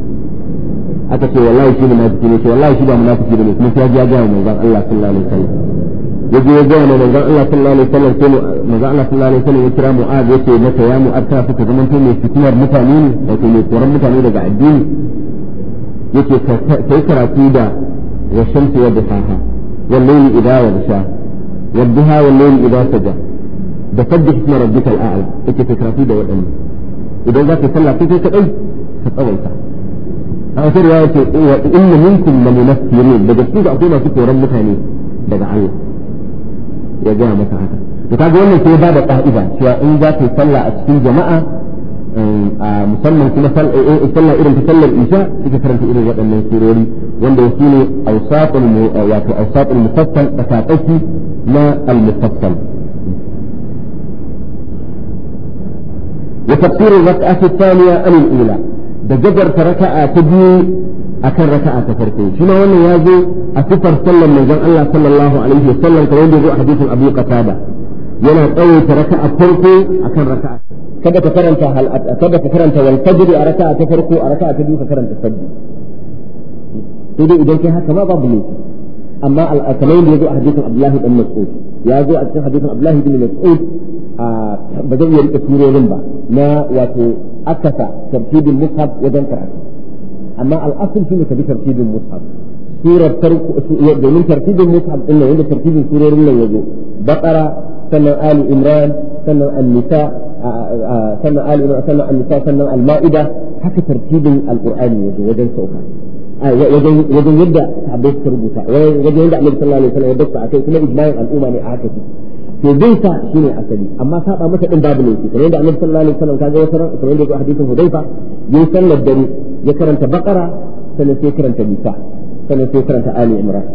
aka ce wallahi shi munafiki ne sai wallahi shi ba munafiki ne kuma sai ya ga mai zan Allah sallallahu alaihi wasallam yaje ya gaya mai manzon Allah sallallahu alaihi wasallam sai manzon Allah sallallahu alaihi wasallam ya kira Mu'ad yace mata ya Mu'ad ta fuka zaman to mai fitinar mutane ne wato mai tsoron mutane daga addini yace sai karatu da wa shamsu wa duhaha wal layli idha wa dasha wa duha wal layli idha saja da sabbih isma rabbika al a'la yake sai karatu da wadannan idan za ka sallah sai ka dai ka tsawaita a wata riwaya ce inna minkum lamunaffirun daga cikin akwai masu tsoron mutane daga Allah ya gaya masa haka to kaga wannan sai ba da ka'ida cewa in za ka yi sallah a cikin jama'a a musamman kuma sallah irin ta sallar isha suka karanta irin waɗannan surori wanda su ne awsatul wato awsatul mufassal da tsaki na al-mufassal وتقصير al ula da الأولى دجبر ta biyu akan raka'a ta farko shi ma wannan ya zo a sifar sallar manzon Allah sallallahu alaihi wasallam kamar yadda zo a hadisin Abu Qatada yana tsawaita raka'a farko akan raka'a kada ka karanta hal kada ka karanta wal fajr a raka'a ta farko a raka'a ta biyu ka karanta sabbi sai dai idan kai haka ba babu ne amma al-kamar yadda ya zo a hadisin Abdullah ibn Mas'ud ya zo a cikin hadisin Abdullah ibn Mas'ud ba zan iya rike turorin ba na wato akasa tartibin mushaf wajen karatu amma al'asul shine ka bi tartibin mushaf surar farko domin tartibin mushaf din nan yadda tartibin surorin nan yazo baqara sannan ali imran sannan an-nisa sannan ali imran sannan an-nisa sannan al-maida haka tartibin al-qur'ani yazo wajen sauka wajen yadda sahabbai suka rubuta wajen yadda annabi sallallahu alaihi wasallam ya dauka akai kuma ijma'in al'umma ne a haka to dinsa shine asali amma saba masa din babu ne kamar yadda annabi sallallahu alaihi wasallam kaga wata kamar yadda hadisin hudaifa yayin sallar dare ya karanta bakara sannan sai karanta nisa sannan sai karanta ali imran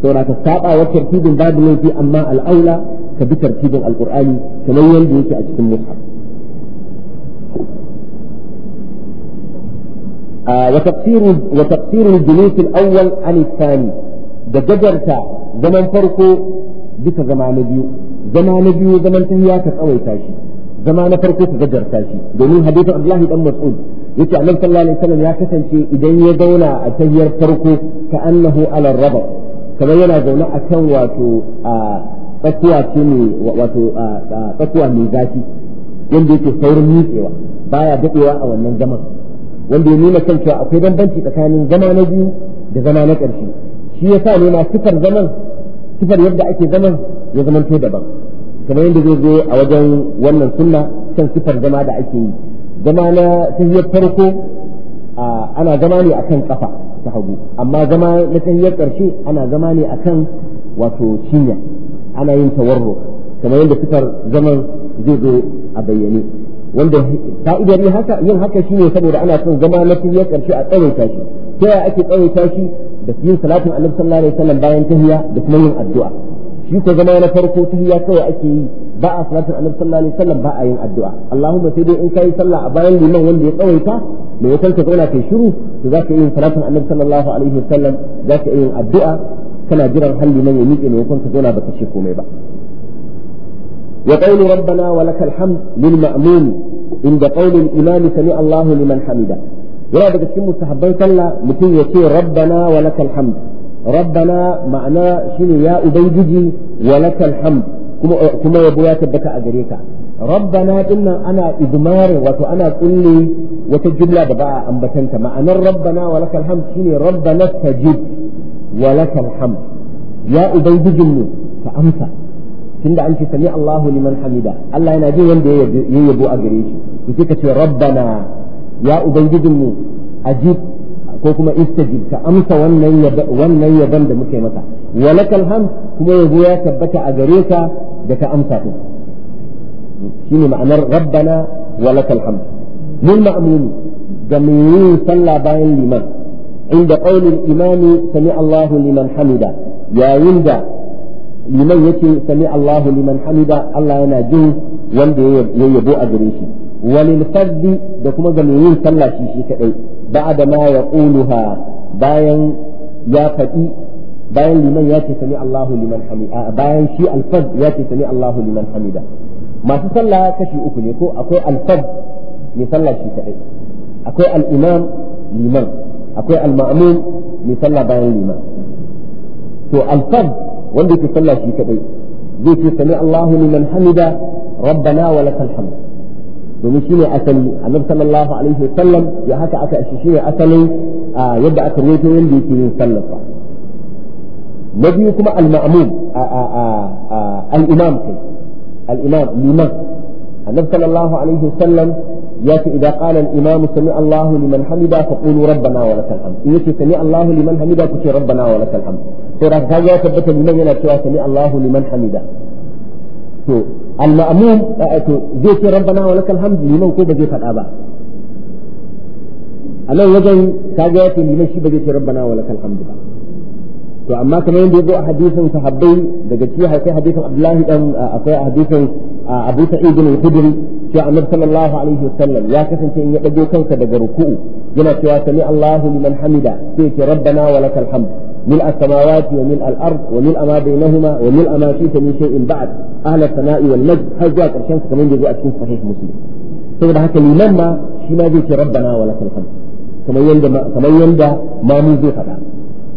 saboda ka saba wa tartibin babu laifi amma al'aula ka bi tartibin alqur'ani kamar yadda yake a cikin mushaf وتقصير وتقصير الجلوس الاول عن الثاني دجرت زمن فرقه بك زمان بيو زمان بيو زمن تهيا تقوي تاشي زمان فرقه تجرتا شي دليل حديث عبد الله بن مسعود yace annabi sallallahu alaihi wasallam ya kasance idan ya zauna a tahiyar farko ka annahu ala rabb kamar yana zaune a kan wato a tsakuwa ce wato tsakuwa mai zafi yadda yake saurin nutsewa baya daɗewa a wannan zaman wanda ya nuna kan cewa akwai bambanci tsakanin zama na biyu da zama na ƙarshe shi yasa ne ma sifar zaman sifar yadda ake zaman ya zamanto daban kamar yadda zai zo a wajen wannan sunna kan sifar zama da ake yi zama na tahiyar farko ana zama ne akan kafa ta hagu amma zama na tahiyar ƙarshe ana zama ne akan wato shinya ana yin tawarro kamar yadda fitar zaman zai zo a bayyane wanda fa'idar yin haka yin haka shine saboda ana son zama na tahiyar ƙarshe a tsawon shi ta yaya ake tsawon shi da yin salatin annabi sallallahu alaihi wasallam bayan tahiya da kuma yin addu'a shi ko zama na farko tahiyya kawai ake yi ba a salatin annabi sallallahu alaihi wasallam ba a yin addu'a Allahumma sai dai in kai sallah a bayan liman wanda ya tsawaita mai yakan zauna kai shiru to zaka yi salatin annabi sallallahu alaihi wasallam zaka yi addu'a kana jiran hal liman ya miƙe mai yakan ka zauna baka ce komai ba wa qawlu rabbana wa lakal hamd lil ma'mum inda qawli al-imam sami Allahu liman hamida yana daga cikin mustahabban sallah mutum ya ce rabbana wa lakal hamd rabbana ma'ana shine ya ubangiji walakal hamd kuma kuma yabo tabbata a gareka ka rabbana dinnan ana idmar wato ana kulle wata jumla da ba a ambatanta ma'anar rabbana walakal hamd shine rabbana tajib walakal hamd ya ubangijin mu ka amsa tunda an ce sami Allahu liman hamida Allah yana jin wanda ya yabu a gare shi to sai ka ce rabbana ya ubangijin mu ajib ko kuma istajib ka amsa wannan wannan yaban da muke maka walakal ham kuma yabo ya tabbata a gare ka da ka amsa din shine ma'anar rabbana walakal hamd mun ma'mumi ga mai sallah bayan liman inda qaulil imami sami Allahu liman hamida yayin da liman yake sami Allahu liman hamida Allah yana jin wanda ya yabo a gare shi walil fadli da kuma ga mai yin sallah shi shi kadai ba'a dama yaquluha bayan ya faɗi bayan liman ya ce sami Allahu liman hamida bayan shi alfaz ya ce sami Allahu liman hamida masu sallah kashi uku ne ko akwai alfaz mai sallah shi kadai akwai al-imam liman akwai al-ma'mum mai sallah bayan liman to alfaz wanda ke sallah shi kadai zai ce sani Allahu liman hamida rabbana wa lakal hamd domin shine asali annabi sallallahu alaihi sallam ya haka aka shi shine asali yadda aka rawaito yanda yake yin sallar na biyu kuma al-ma'mum al-imam kai al-imam liman annabi sallallahu alaihi sallam ya ce idan qala al-imam sami Allahu liman hamida fa qulu rabbana wa lakal hamd in yace sami Allahu liman hamida ku ce rabbana wa lakal hamd sai ya tabbata liman yana cewa sami Allahu liman hamida to al-ma'mum to zai ce rabbana wa lakal hamdu liman ko ba zai faɗa ba a nan wajen kaga ya ce liman shi ba zai ce rabbana wa lakal hamdu ba to amma kamar yadda ya yazo a hadisin sahabbai daga ciki akwai hadisin Abdullahi dan akwai hadisin Abu Sa'id al-Khudri cewa Annabi sallallahu alaihi wasallam ya kasance in ya dago kansa daga ruku'u yana cewa sami Allahu liman hamida sai ya ce rabbana wa lakal hamdu ملء السماوات وملء الأرض وملء ما بينهما وملء ما فيك من شيء بعد أهل الثناء والمجد هل جاء الشمس كمان جاء في صحيح مسلم saboda haka liman ma shi ma zai ce rabbana wa lakal hamd kamar mamu zai faɗa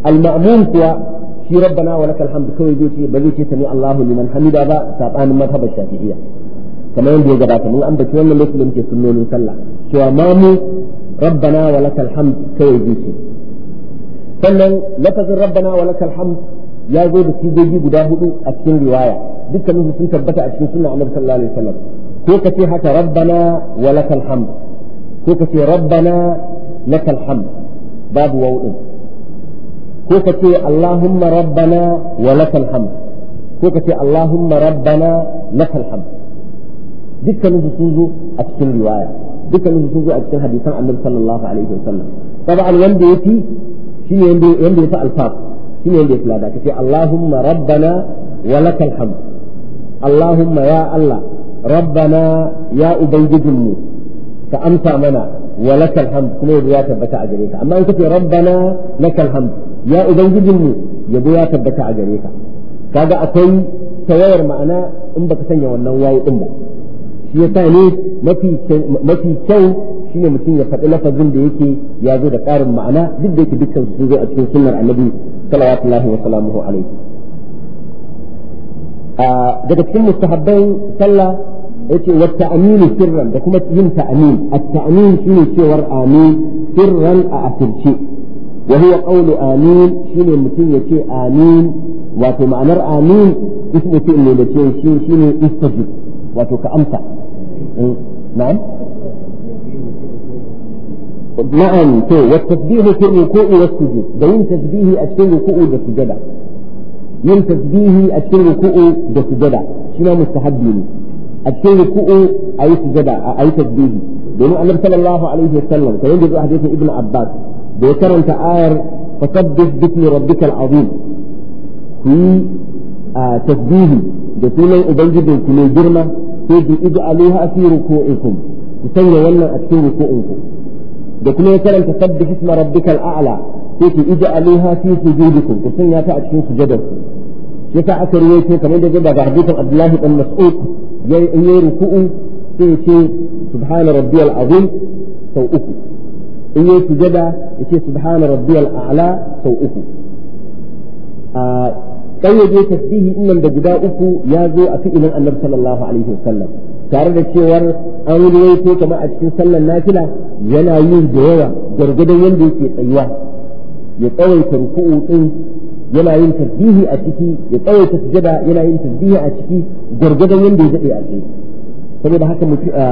al-ma'mum kuwa shi rabbana wa lakal hamd kawai zai ce ba zai ce sami Allahu liman hamida ba sabanin mazhabar shafi'iyya kamar yanda ya gabata mun ambaci wannan lokacin da muke sallah cewa mamu rabbana wa lakal kawai zai sannan lafazin rabbana wa lakal hamd ya zo da sigogi guda hudu a cikin riwaya dukkanin sun tabbata a cikin sunna annabi sallallahu alaihi wasallam ko ka ce haka rabbana wa lakal hamd ko ka ce rabbana lakal hamd babu wawdin ko ka ce allahumma rabbana wa lakal hamd ko ka ce allahumma rabbana lakal hamd dukkanin sun zo a cikin riwaya dukkanin sun zo a cikin hadisan annabi sallallahu alaihi wasallam tabi'an wanda yafi shine yanda yanda yafi alfaf shine yanda yafi ladaka kace Allahumma rabbana wa lakal hamd Allahumma ya Allah rabbana ya ubangijinmu ka amsa mana wa lakal hamd kuma ya tabbata a gare ka amma in kace rabbana lakal hamd ya ubangijinmu yabo ya tabbata a gare ka kaga akwai tawayar ma'ana in baka sanya wannan wayi din ba shi yasa ne mafi kyau shine mutum ya faɗi lafazin da yake ya zo da ƙarin ma'ana duk da yake dukkan su zo a cikin sunnar annabi sallallahu wa sallamuhu alaihi daga cikin mustahabbai sallah yace wa ta'minu sirran da kuma yin ta'min at-ta'min shine cewar amin sirran a asirce wa huwa qawlu amin shine mutum yace amin wato ma'anar amin ismu fi'l ne da ce shine istajib wato ka amsa نعم نعم تو والتسبيح في الركوع والسجود ده يم تسبيح اشكال ركوع ده سجدة يم تسبيح اشكال ركوع ده سجدة شما مستحب يلي اشكال ركوع اي سجدة اي تسبيح لانه النبي صلى الله عليه وسلم كان يجد احديث ابن عباس بيكرا انت اير فسبح باسم ربك العظيم في آه، تسبيح ده سيما ابنجد كنو جرمه sai bi ij'aluha fi ruku'ikum ku sanya wannan a cikin ruku'inku da kuma ya karanta sabbih isma rabbikal a'la sai ku ij'aluha fi sujudikum ku sanya ta a cikin sujudarku yasa aka rawaito kamar da ga hadisin Abdullahi dan Mas'ud yayi in yayi ruku'u sai ya ce subhana rabbiyal azim sau uku in yayi sujada ya ce subhana rabbiyal a'la sau uku ah, kayyade tasbihi innan da guda uku ya zo a fi'ilin annabi sallallahu alaihi wasallam tare da cewar an ruwaito kamar a cikin sallar nafila yana yin da yawa gargadon yanda yake tsayuwa ya tsawaita ruku'u din yana yin tasbihi a ciki ya tsawaita sujada yana yin tasbihi a ciki gargadon yanda ya dade a ciki saboda haka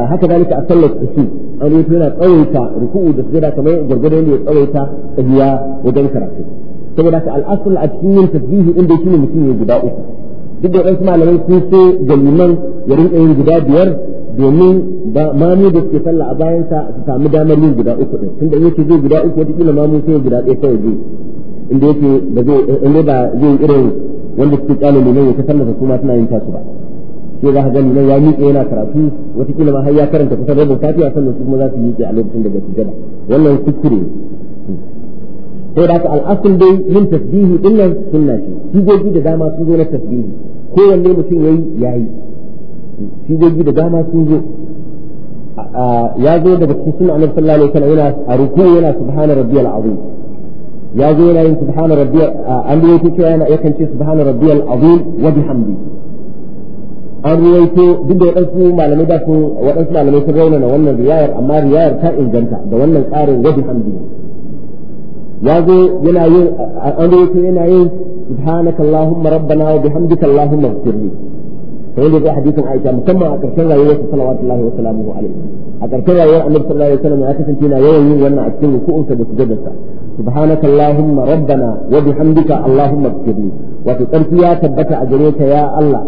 haka zalika a sallar kusur an ruwaito yana tsawaita ruku'u da sujada kamar gargadon yanda ya tsawaita tsayuwa wajen karatu saboda ka al'asul a cikin yin tasbihi inda shine mutum ya guda uku duk da wasu malamai sun so da liman ya rinka yin guda biyar domin ba mamu da suke sallah a bayan sa su sami damar yin guda uku din tunda in yake zai guda uku wata kila mamu sai guda ɗaya kawai zai inda yake ba zai inda ba zai irin wanda suke kyale liman ya ta sallasa su ma suna yin tasu ba sai za ka ga liman ya miƙe yana karatu wata kila ma har ya karanta kusan rabin safiya sannan su kuma za su miƙe a lokacin da ba su gaba wannan kuskure sai da al'asul dai yin tasbihi din nan sunna ce sigogi da dama sun zo na tasbihi kowanne mutum yayi yayi sigogi da dama sun zo ya zo daga cikin sunna annabi sallallahu alaihi wasallam yana a ruku yana subhana rabbiyal azim ya zo yana yin subhana rabbiyal an yi cewa yana yakan ce subhana rabbiyal azim wa bihamdi an ruwaito duk da waɗansu malamai da su waɗansu malamai sun raunana wannan riyayar amma riyayar ta inganta da wannan ƙarin wa bihamdi ya zo yana yin an rawaito yana yin subhanaka allahumma rabbana wa bihamdika allahumma ighfirli to yadda zai hadisin aisha musamman a karshen rayuwar sa sallallahu alaihi wa sallam alaihi a karshen rayuwar annabi sallallahu alaihi wa sallam ya kasance yana yawan yin wannan a cikin ruku'unsa da sujudarsa subhanaka allahumma rabbana wa bihamdika allahumma ighfirli wato tsarki ya tabbata a gare ka ya Allah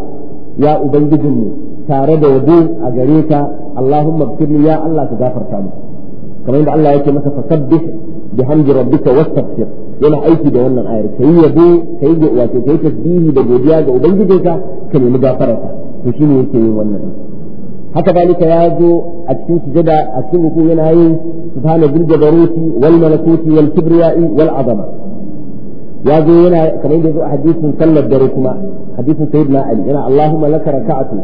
ya ubangijinmu tare da wudu a gare ka allahumma ighfirli ya Allah ka gafarta mu kamar yadda Allah yake masa fasabbih bihamdi rabbika wastaghfir yana aiki da wannan ayar kai yabo kai ga wato kai tasbihi da godiya ga ubangijinka ka nemi gafararsa to shine yake yin wannan haka dalika ya zo a cikin sujada a cikin ruku yana yin subhana dhil jabaruti wal malakuti wal kibriyai wal azama ya zo yana kamar yadda zo a hadisin sallar dare kuma hadisin sayyidina ali yana allahumma laka raka'atu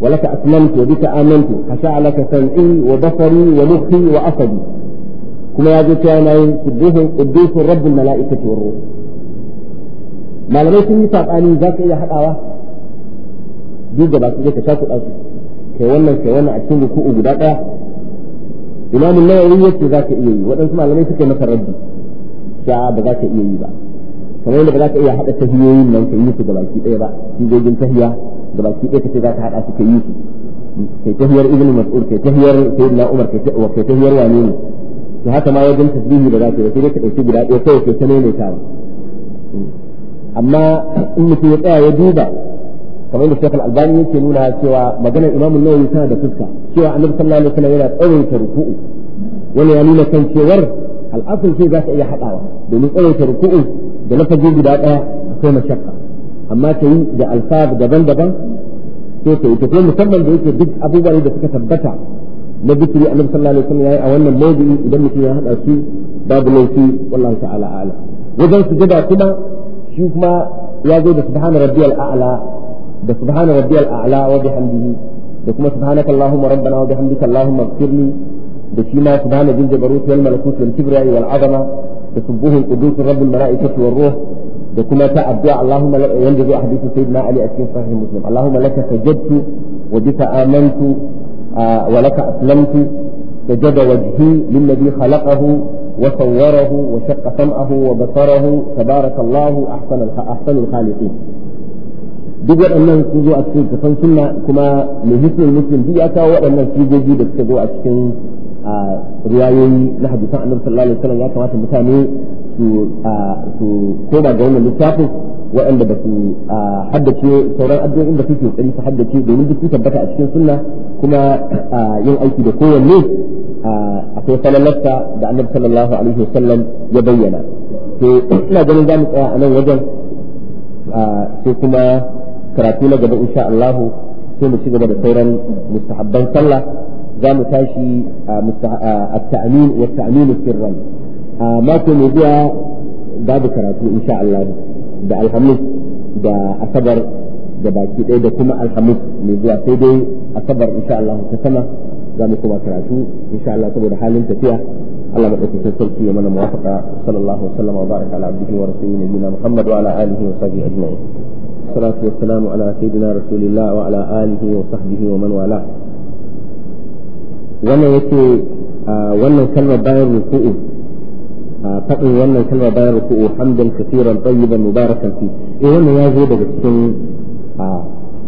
wa laka aslamtu wa bika amantu khasha'a sam'i wa basari wa mukhi wa asadi kuma ya zo ta yana yin kuddusun kuddusun rabbul mala'ikati war ruh malamai sun yi sabani za ka iya haɗawa duk da ba su ka shaku su kai wannan kai wannan a cikin ruku'u guda daya imamu nawawi yace za ka iya yi waɗansu malamai suka yi masa rabbi sha ba za ka iya yi ba kamar yadda ba za ka iya haɗa tahiyoyin nan ka yi su gabaki ɗaya ba sigogin tahiya gabaki ɗaya ka ce za ka haɗa su ka yi su kai tahiyar ibnu mas'ud kai tahiyar sayyidina umar kai tahiyar wane ne to haka ma wajen tasbihi ba za ta yi sai dai ka ɗauki guda ɗaya kawai sai ta maimaitawa amma in mutum ya tsaya ya duba kamar da Shekul Albani yake nuna cewa maganar nawa Nawawi tana da fuska cewa Annabi sallallahu alaihi wasallam yana tsawaita ruku'u wani ya nuna kan cewar al'asul sai za ka iya haɗawa domin tsawaita ruku'u da lafazin guda ɗaya akwai mashakka amma ta yi da alfaz daban-daban sai ta yi ta musamman da yake duk abubuwan da suka tabbata na zikiri annabi sallallahu alaihi wasallam yayi a wannan mawdu'i idan mutum ya hada su babu laifi wallahi ta'ala ala wajen sujada kuma shi kuma ya zo da subhana rabbiyal a'la da subhana rabbiyal a'la wa bihamdihi da kuma subhanaka allahumma rabbana wa bihamdika allahumma ighfirli da shi ma subhana jil jabarut wal malakut wal kibriya wal azama da subuhul qudus rabbul malaikati war ruh da kuma ta addu'a Allahumma yanzu hadisi sayyidina Ali a cikin sahih Muslim Allahumma laka sajadtu wa bika amantu ولك أسلمت سجد وجهي للذي خلقه وصوره وشق سمعه وبصره تبارك الله أحسن أحسن الخالقين duk waɗannan sun zo a cikin kafan sunna kuma mai hisnin muslim duk ya kawo waɗannan sigogi da suka zo a cikin riwayoyi na hadisan annabi sallallahu alaihi wasallam ya kamata mutane su su ga wannan littafin waɗanda ba su haddace sauran addu'o'in da suke tsari su haddace domin duk su tabbata a cikin sunna kuma yin aiki da kowanne akwai salalarsa da annabi sallallahu alaihi wasallam ya bayyana to ina ganin za mu tsaya a nan wajen sai kuma karatu na gaba insha Allah sai mu ci gaba da sauran mustahabban sallah za mu tashi at-ta'min wa at sirran a mako mai zuwa babu karatu insha Allah da alhamis da asabar da baki ɗaya da kuma alhamis mai zuwa sai dai asabar insha Allah ta sama za mu kuma karatu insha Allah saboda halin tafiya Allah madaukakin sarki ya mana muwafaqa sallallahu alaihi wasallam wa baraka ala abdihi wa rasulihi nabiyina Muhammad wa ala alihi wa sahbihi ajma'in salatu wassalamu ala sayyidina rasulillah wa ala alihi wa sahbihi wa man wala wannan yake wannan kalmar bayan ruku'u faɗin wannan kalmar bayan ruku'u hamdan kaseeran tayyiban mubarakan fi eh wannan ya zo daga cikin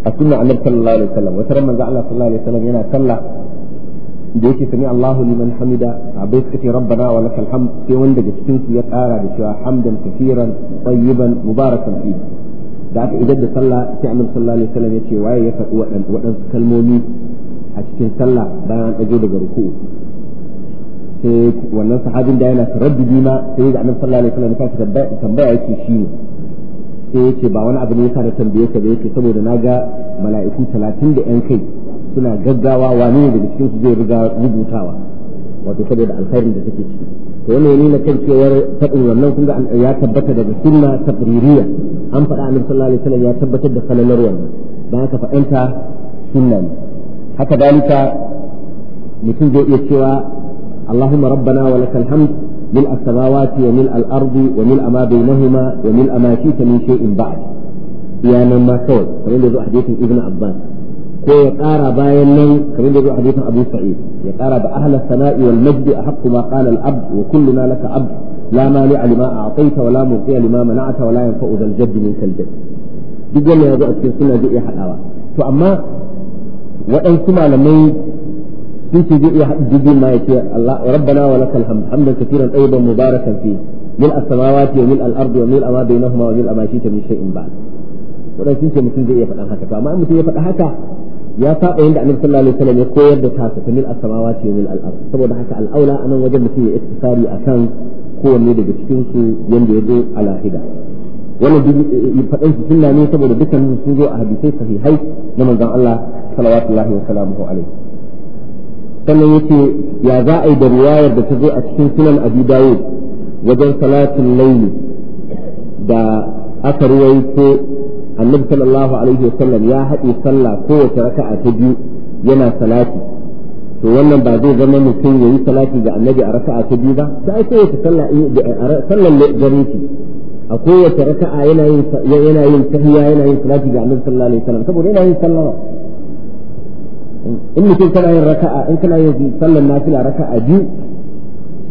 a sunna annabi sallallahu alaihi wasallam wata ran manzo Allah sallallahu alaihi wasallam yana sallah da yake sami Allahu liman hamida bai suka ce rabbana wa lakal hamd sai wanda daga cikin su ya ƙara da cewa hamdan kaseeran tayyiban mubarakan fi da aka idan da sallah sai annabi sallallahu alaihi wasallam ya ce waye ya faɗi waɗansu kalmomi a cikin sallah bayan an ɗago daga ruku'u sai wannan sahabin da yana taraddudi ma sai ga annabi sallallahu alaihi wasallam ya tashi tambaya yake shi ne sai yace ba wani abu ne yasa da tambaye ka ba yake saboda na ga mala'iku 30 da yan kai suna gaggawa wa ne daga cikin su zai riga rubutawa wato saboda alkhairin da take ciki to wannan yana nuna kan cewar fadin wannan kun ga ya tabbata daga sunna taqririyya an faɗa annabi sallallahu alaihi wasallam ya tabbatar da salalar wannan dan haka faɗanta sunna ne haka dalika mutum zai iya cewa اللهم ربنا ولك الحمد ملء السماوات وملء الأرض وملء ما بينهما وملء ما شئت من شيء بعد يا من ما كون كمان يزو حديث ابن عباس كو يقارى باين نو كمان يزو حديث أبو سعيد يقارى بأهل الثناء والمجد أحق ما قال العبد وكلنا لك عبد لا مانع لما أعطيت ولا مغطي لما منعت ولا ينفع ذا الجد منك الجد duk wannan ya zo a cikin suna حلاوة. فأما وأن سمع لمن كنت جئي ما يتي الله ربنا ولك الحمد حمدا كثيرا طيبا مباركا فيه ملء السماوات وملء الارض وملء ما بينهما وملء ما شئت من شيء بعد zai iya faɗan haka amma mutum ya faɗa haka ya saba yadda annabi sallallahu alaihi wasallam ya koyar da tasa ta mil as-samawati wa mil al-ard saboda haka al ya istisari akan kowanne daga cikin su yanda ya zo a lahida wannan eh, eh, faɗan su sunna saboda dukkan sun zo a hadisai sahihai na manzon Allah sallallahu wa sannan yace ya za a yi da riwayar da ta zo a cikin sunan abi dawud wajen salatin laili da aka ruwaito annabi sallallahu alaihi wasallam ya haɗe sallah kowace raka'a ta biyu yana salati to wannan ba zai zama mutum ya yi salati ga annabi a raka'a ta biyu ba sai sai ya sallan gare shi a kowace raka'a yana yin yana yana yin salati ga annabi sallallahu alaihi wasallam saboda yana yin sallama in mutum kana yin raka'a in kana yin sallar nafila raka'a biyu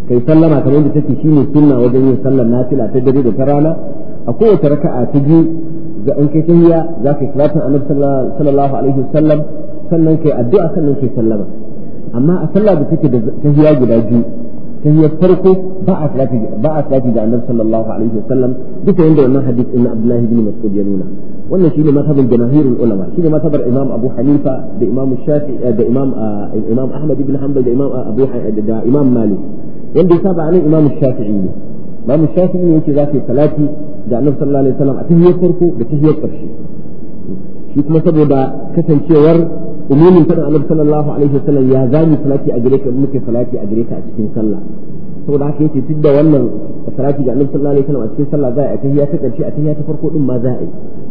kai sallama kamar da take shine sunna wajen yin sallar nafila ta dare da ta rana a kowace raka'a ta biyu ga in kai tahiyya za ka yi salatin annabi sallallahu alaihi wasallam sannan kai addu'a sannan kai sallama amma a sallah da take da tahiyya guda biyu tahiyar farko ba a salati ba a salati ga annabi sallallahu alaihi wasallam duka yanda wannan hadisi na Abdullahi bin Mas'ud ya nuna wannan shine mazhabin jamahirul ulama shine mazhabar imam abu hanifa da imam shafi eh, da imam eh, imam ahmad ibn hanbal da imam eh, abu da imam malik wanda ya saba anan imam shafi'i ne imam shafi'i ne yake zaka salati da annabi sallallahu alaihi wasallam a tahiyar farko da tahiyar karshe shi kuma saboda kasancewar umumin fadin annabi sallallahu alaihi wasallam ya zani salati a gare ka muke salati a gare ka a cikin sallah saboda haka yace duk da wannan salati ga annabi sallallahu alaihi wasallam a cikin sallah za a tahiyya ta karshe a tahiyya ta farko din ma za a yi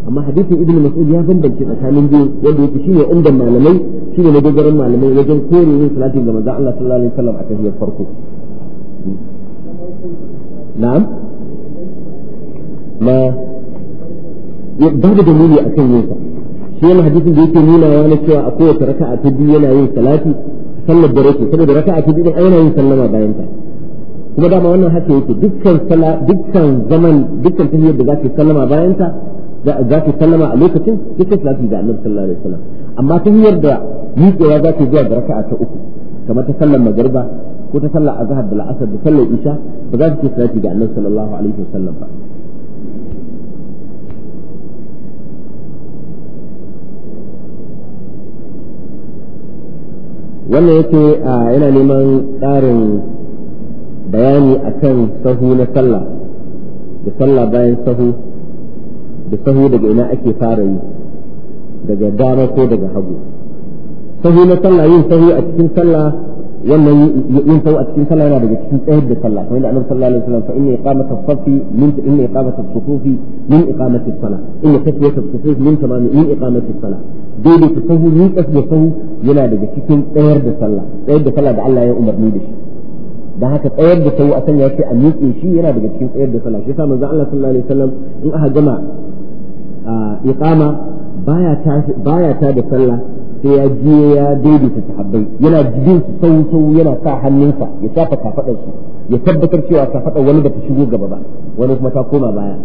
amma hadisin ibnu mas'ud ya bambance tsakanin biyu wanda yake shine inda malamai shine madogaran malamai wajen kore yin salatin ga manzon Allah sallallahu alaihi wasallam a tahiyar farko na'am ma babu dalili akan yin sa shi wannan hadisin da yake nuna wa na cewa a kowace raka'a ta biyu yana yin salati sallar dare ce saboda raka'a ta biyu yana yin sallama bayan ta kuma dama wannan haka yake dukkan sala dukkan zaman dukkan tahiyar da zaka sallama bayan ta za ta sallama a lokacin duka salati da annabi sallallahu alaihi wasallam amma ta hanyar da miƙewa za ta zuwa ga raka'a ta uku kamar ta sallar magariba ko ta sallar azhar da la'asar da sallar isha ba za ta ce salati da annabi sallallahu alaihi wasallam ba wannan yake yana neman tsarin bayani akan sahu na sallah da sallah bayan sahu da sahu daga ina ake fara yi daga dama ko daga hagu sahu na sallah yin sahu a cikin sallah wannan yin sahu a cikin sallah yana daga cikin tsayar da sallah kamar da annabi sallallahu alaihi wasallam fa inna iqamata as-safi min inna iqamata as-sufufi min iqamati as-salah inna tasbiyata as-sufuf min tamam min iqamati as-salah daidai ta sahu ni tasbiya sahu yana daga cikin tsayar da sallah tsayar da sallah da Allah ya umarni da shi da haka tsayar da sahu a sanya ce a miƙe shi yana daga cikin tsayar da sallah shi yasa manzo Allah sallallahu alaihi wasallam in aka gama iqama baya ta baya ta da sallah sai ya je ya daidaita sahabbai yana jibin su sau sau yana sa hannunsa ya safa kafadar su ya tabbatar cewa kafadar wani ba ta shigo gaba ba wani kuma ta koma baya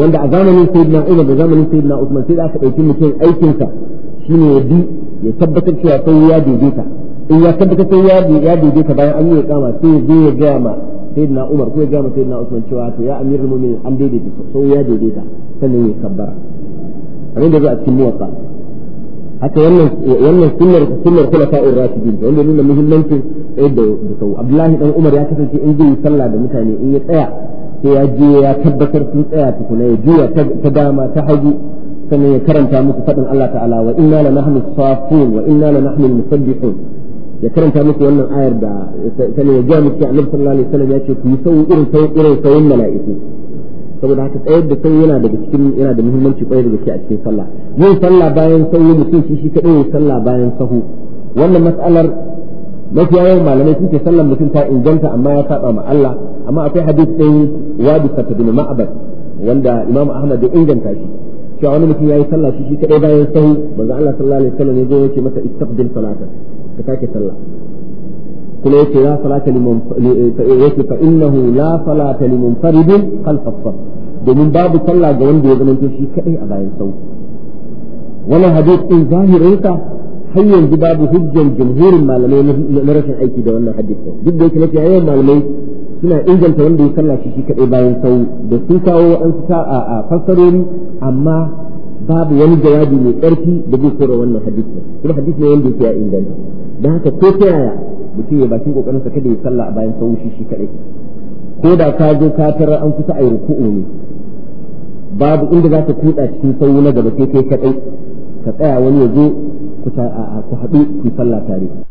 wanda a zamanin sayyidina Umar da zamanin sayyidina Usman sai da aka dauki mutum aikin sa shine ya bi ya tabbatar cewa sai ya daidaita in ya tabbatar sai ya ya daidaita bayan an yi iqama sai ya je ya ga ma sayyidina Umar ko ya ga ma sayyidina Usman cewa to ya amirul mu'minin an daidaita sau ya daidaita sannan ya kabbara kamar da zo a cikin muwatta haka wannan wannan sunnar sunnar khulafa'ur rashidin wanda nuna muhimmancin tsayar da sau Abdullahi dan Umar ya kasance in zai sallah da mutane in ya tsaya sai ya je ya tabbatar sun tsaya tukuna ya juya ta dama ta hagu sannan ya karanta musu fadin Allah ta'ala wa inna la nahnu safun wa inna la nahnu musabbihun ya karanta musu wannan ayar da sannan ya ga musu Annabi sallallahu alaihi wasallam ya ce ku yi sau irin sau irin sau mala'iku saboda haka tsayar da sauyi yana daga cikin yana da muhimmanci tsayar da gaske a cikin sallah yin sallah bayan sauyi mutum shi shi kadai yin sallah bayan sahu wannan mas'alar mafi yawan malamai sun ce sallar mutum ta inganta amma ya saba ma Allah amma akwai hadith ɗin wadi fata bin ma'abad wanda Imam Ahmad ya inganta shi cewa wani mutum yayi sallah shi shi kadai bayan sahu manzo Allah sallallahu alaihi wasallam ya zo ya ce masa istaqbil salata ka take sallah kuma yake la salata liman yake fa innahu la salata liman faridin saf domin babu sallah ga wanda ya zamanto shi kadai a bayan sau wannan hadith din zahirinsa har yanzu babu hujjar jumhurin malamai na rashin aiki da wannan hadith duk da yake mafi yawan malamai suna inganta wanda ya sallah shi kadai bayan sau da sun kawo waɗansu sa'a a fassarori amma babu wani jawabi mai ƙarfi da zai kora wannan hadith ne kuma hadith ne wanda yake ya inganta da haka ko ta yaya mutum ya bakin kokarin sa kada ya sallah a bayan sahu shi shi kadai ko da ka zo ka tara an kusa ayi ruku'u ne babu inda za ka kuda cikin sahu na gaba sai kai kadai ka tsaya wani ya zo ku haɗu ku sallah tare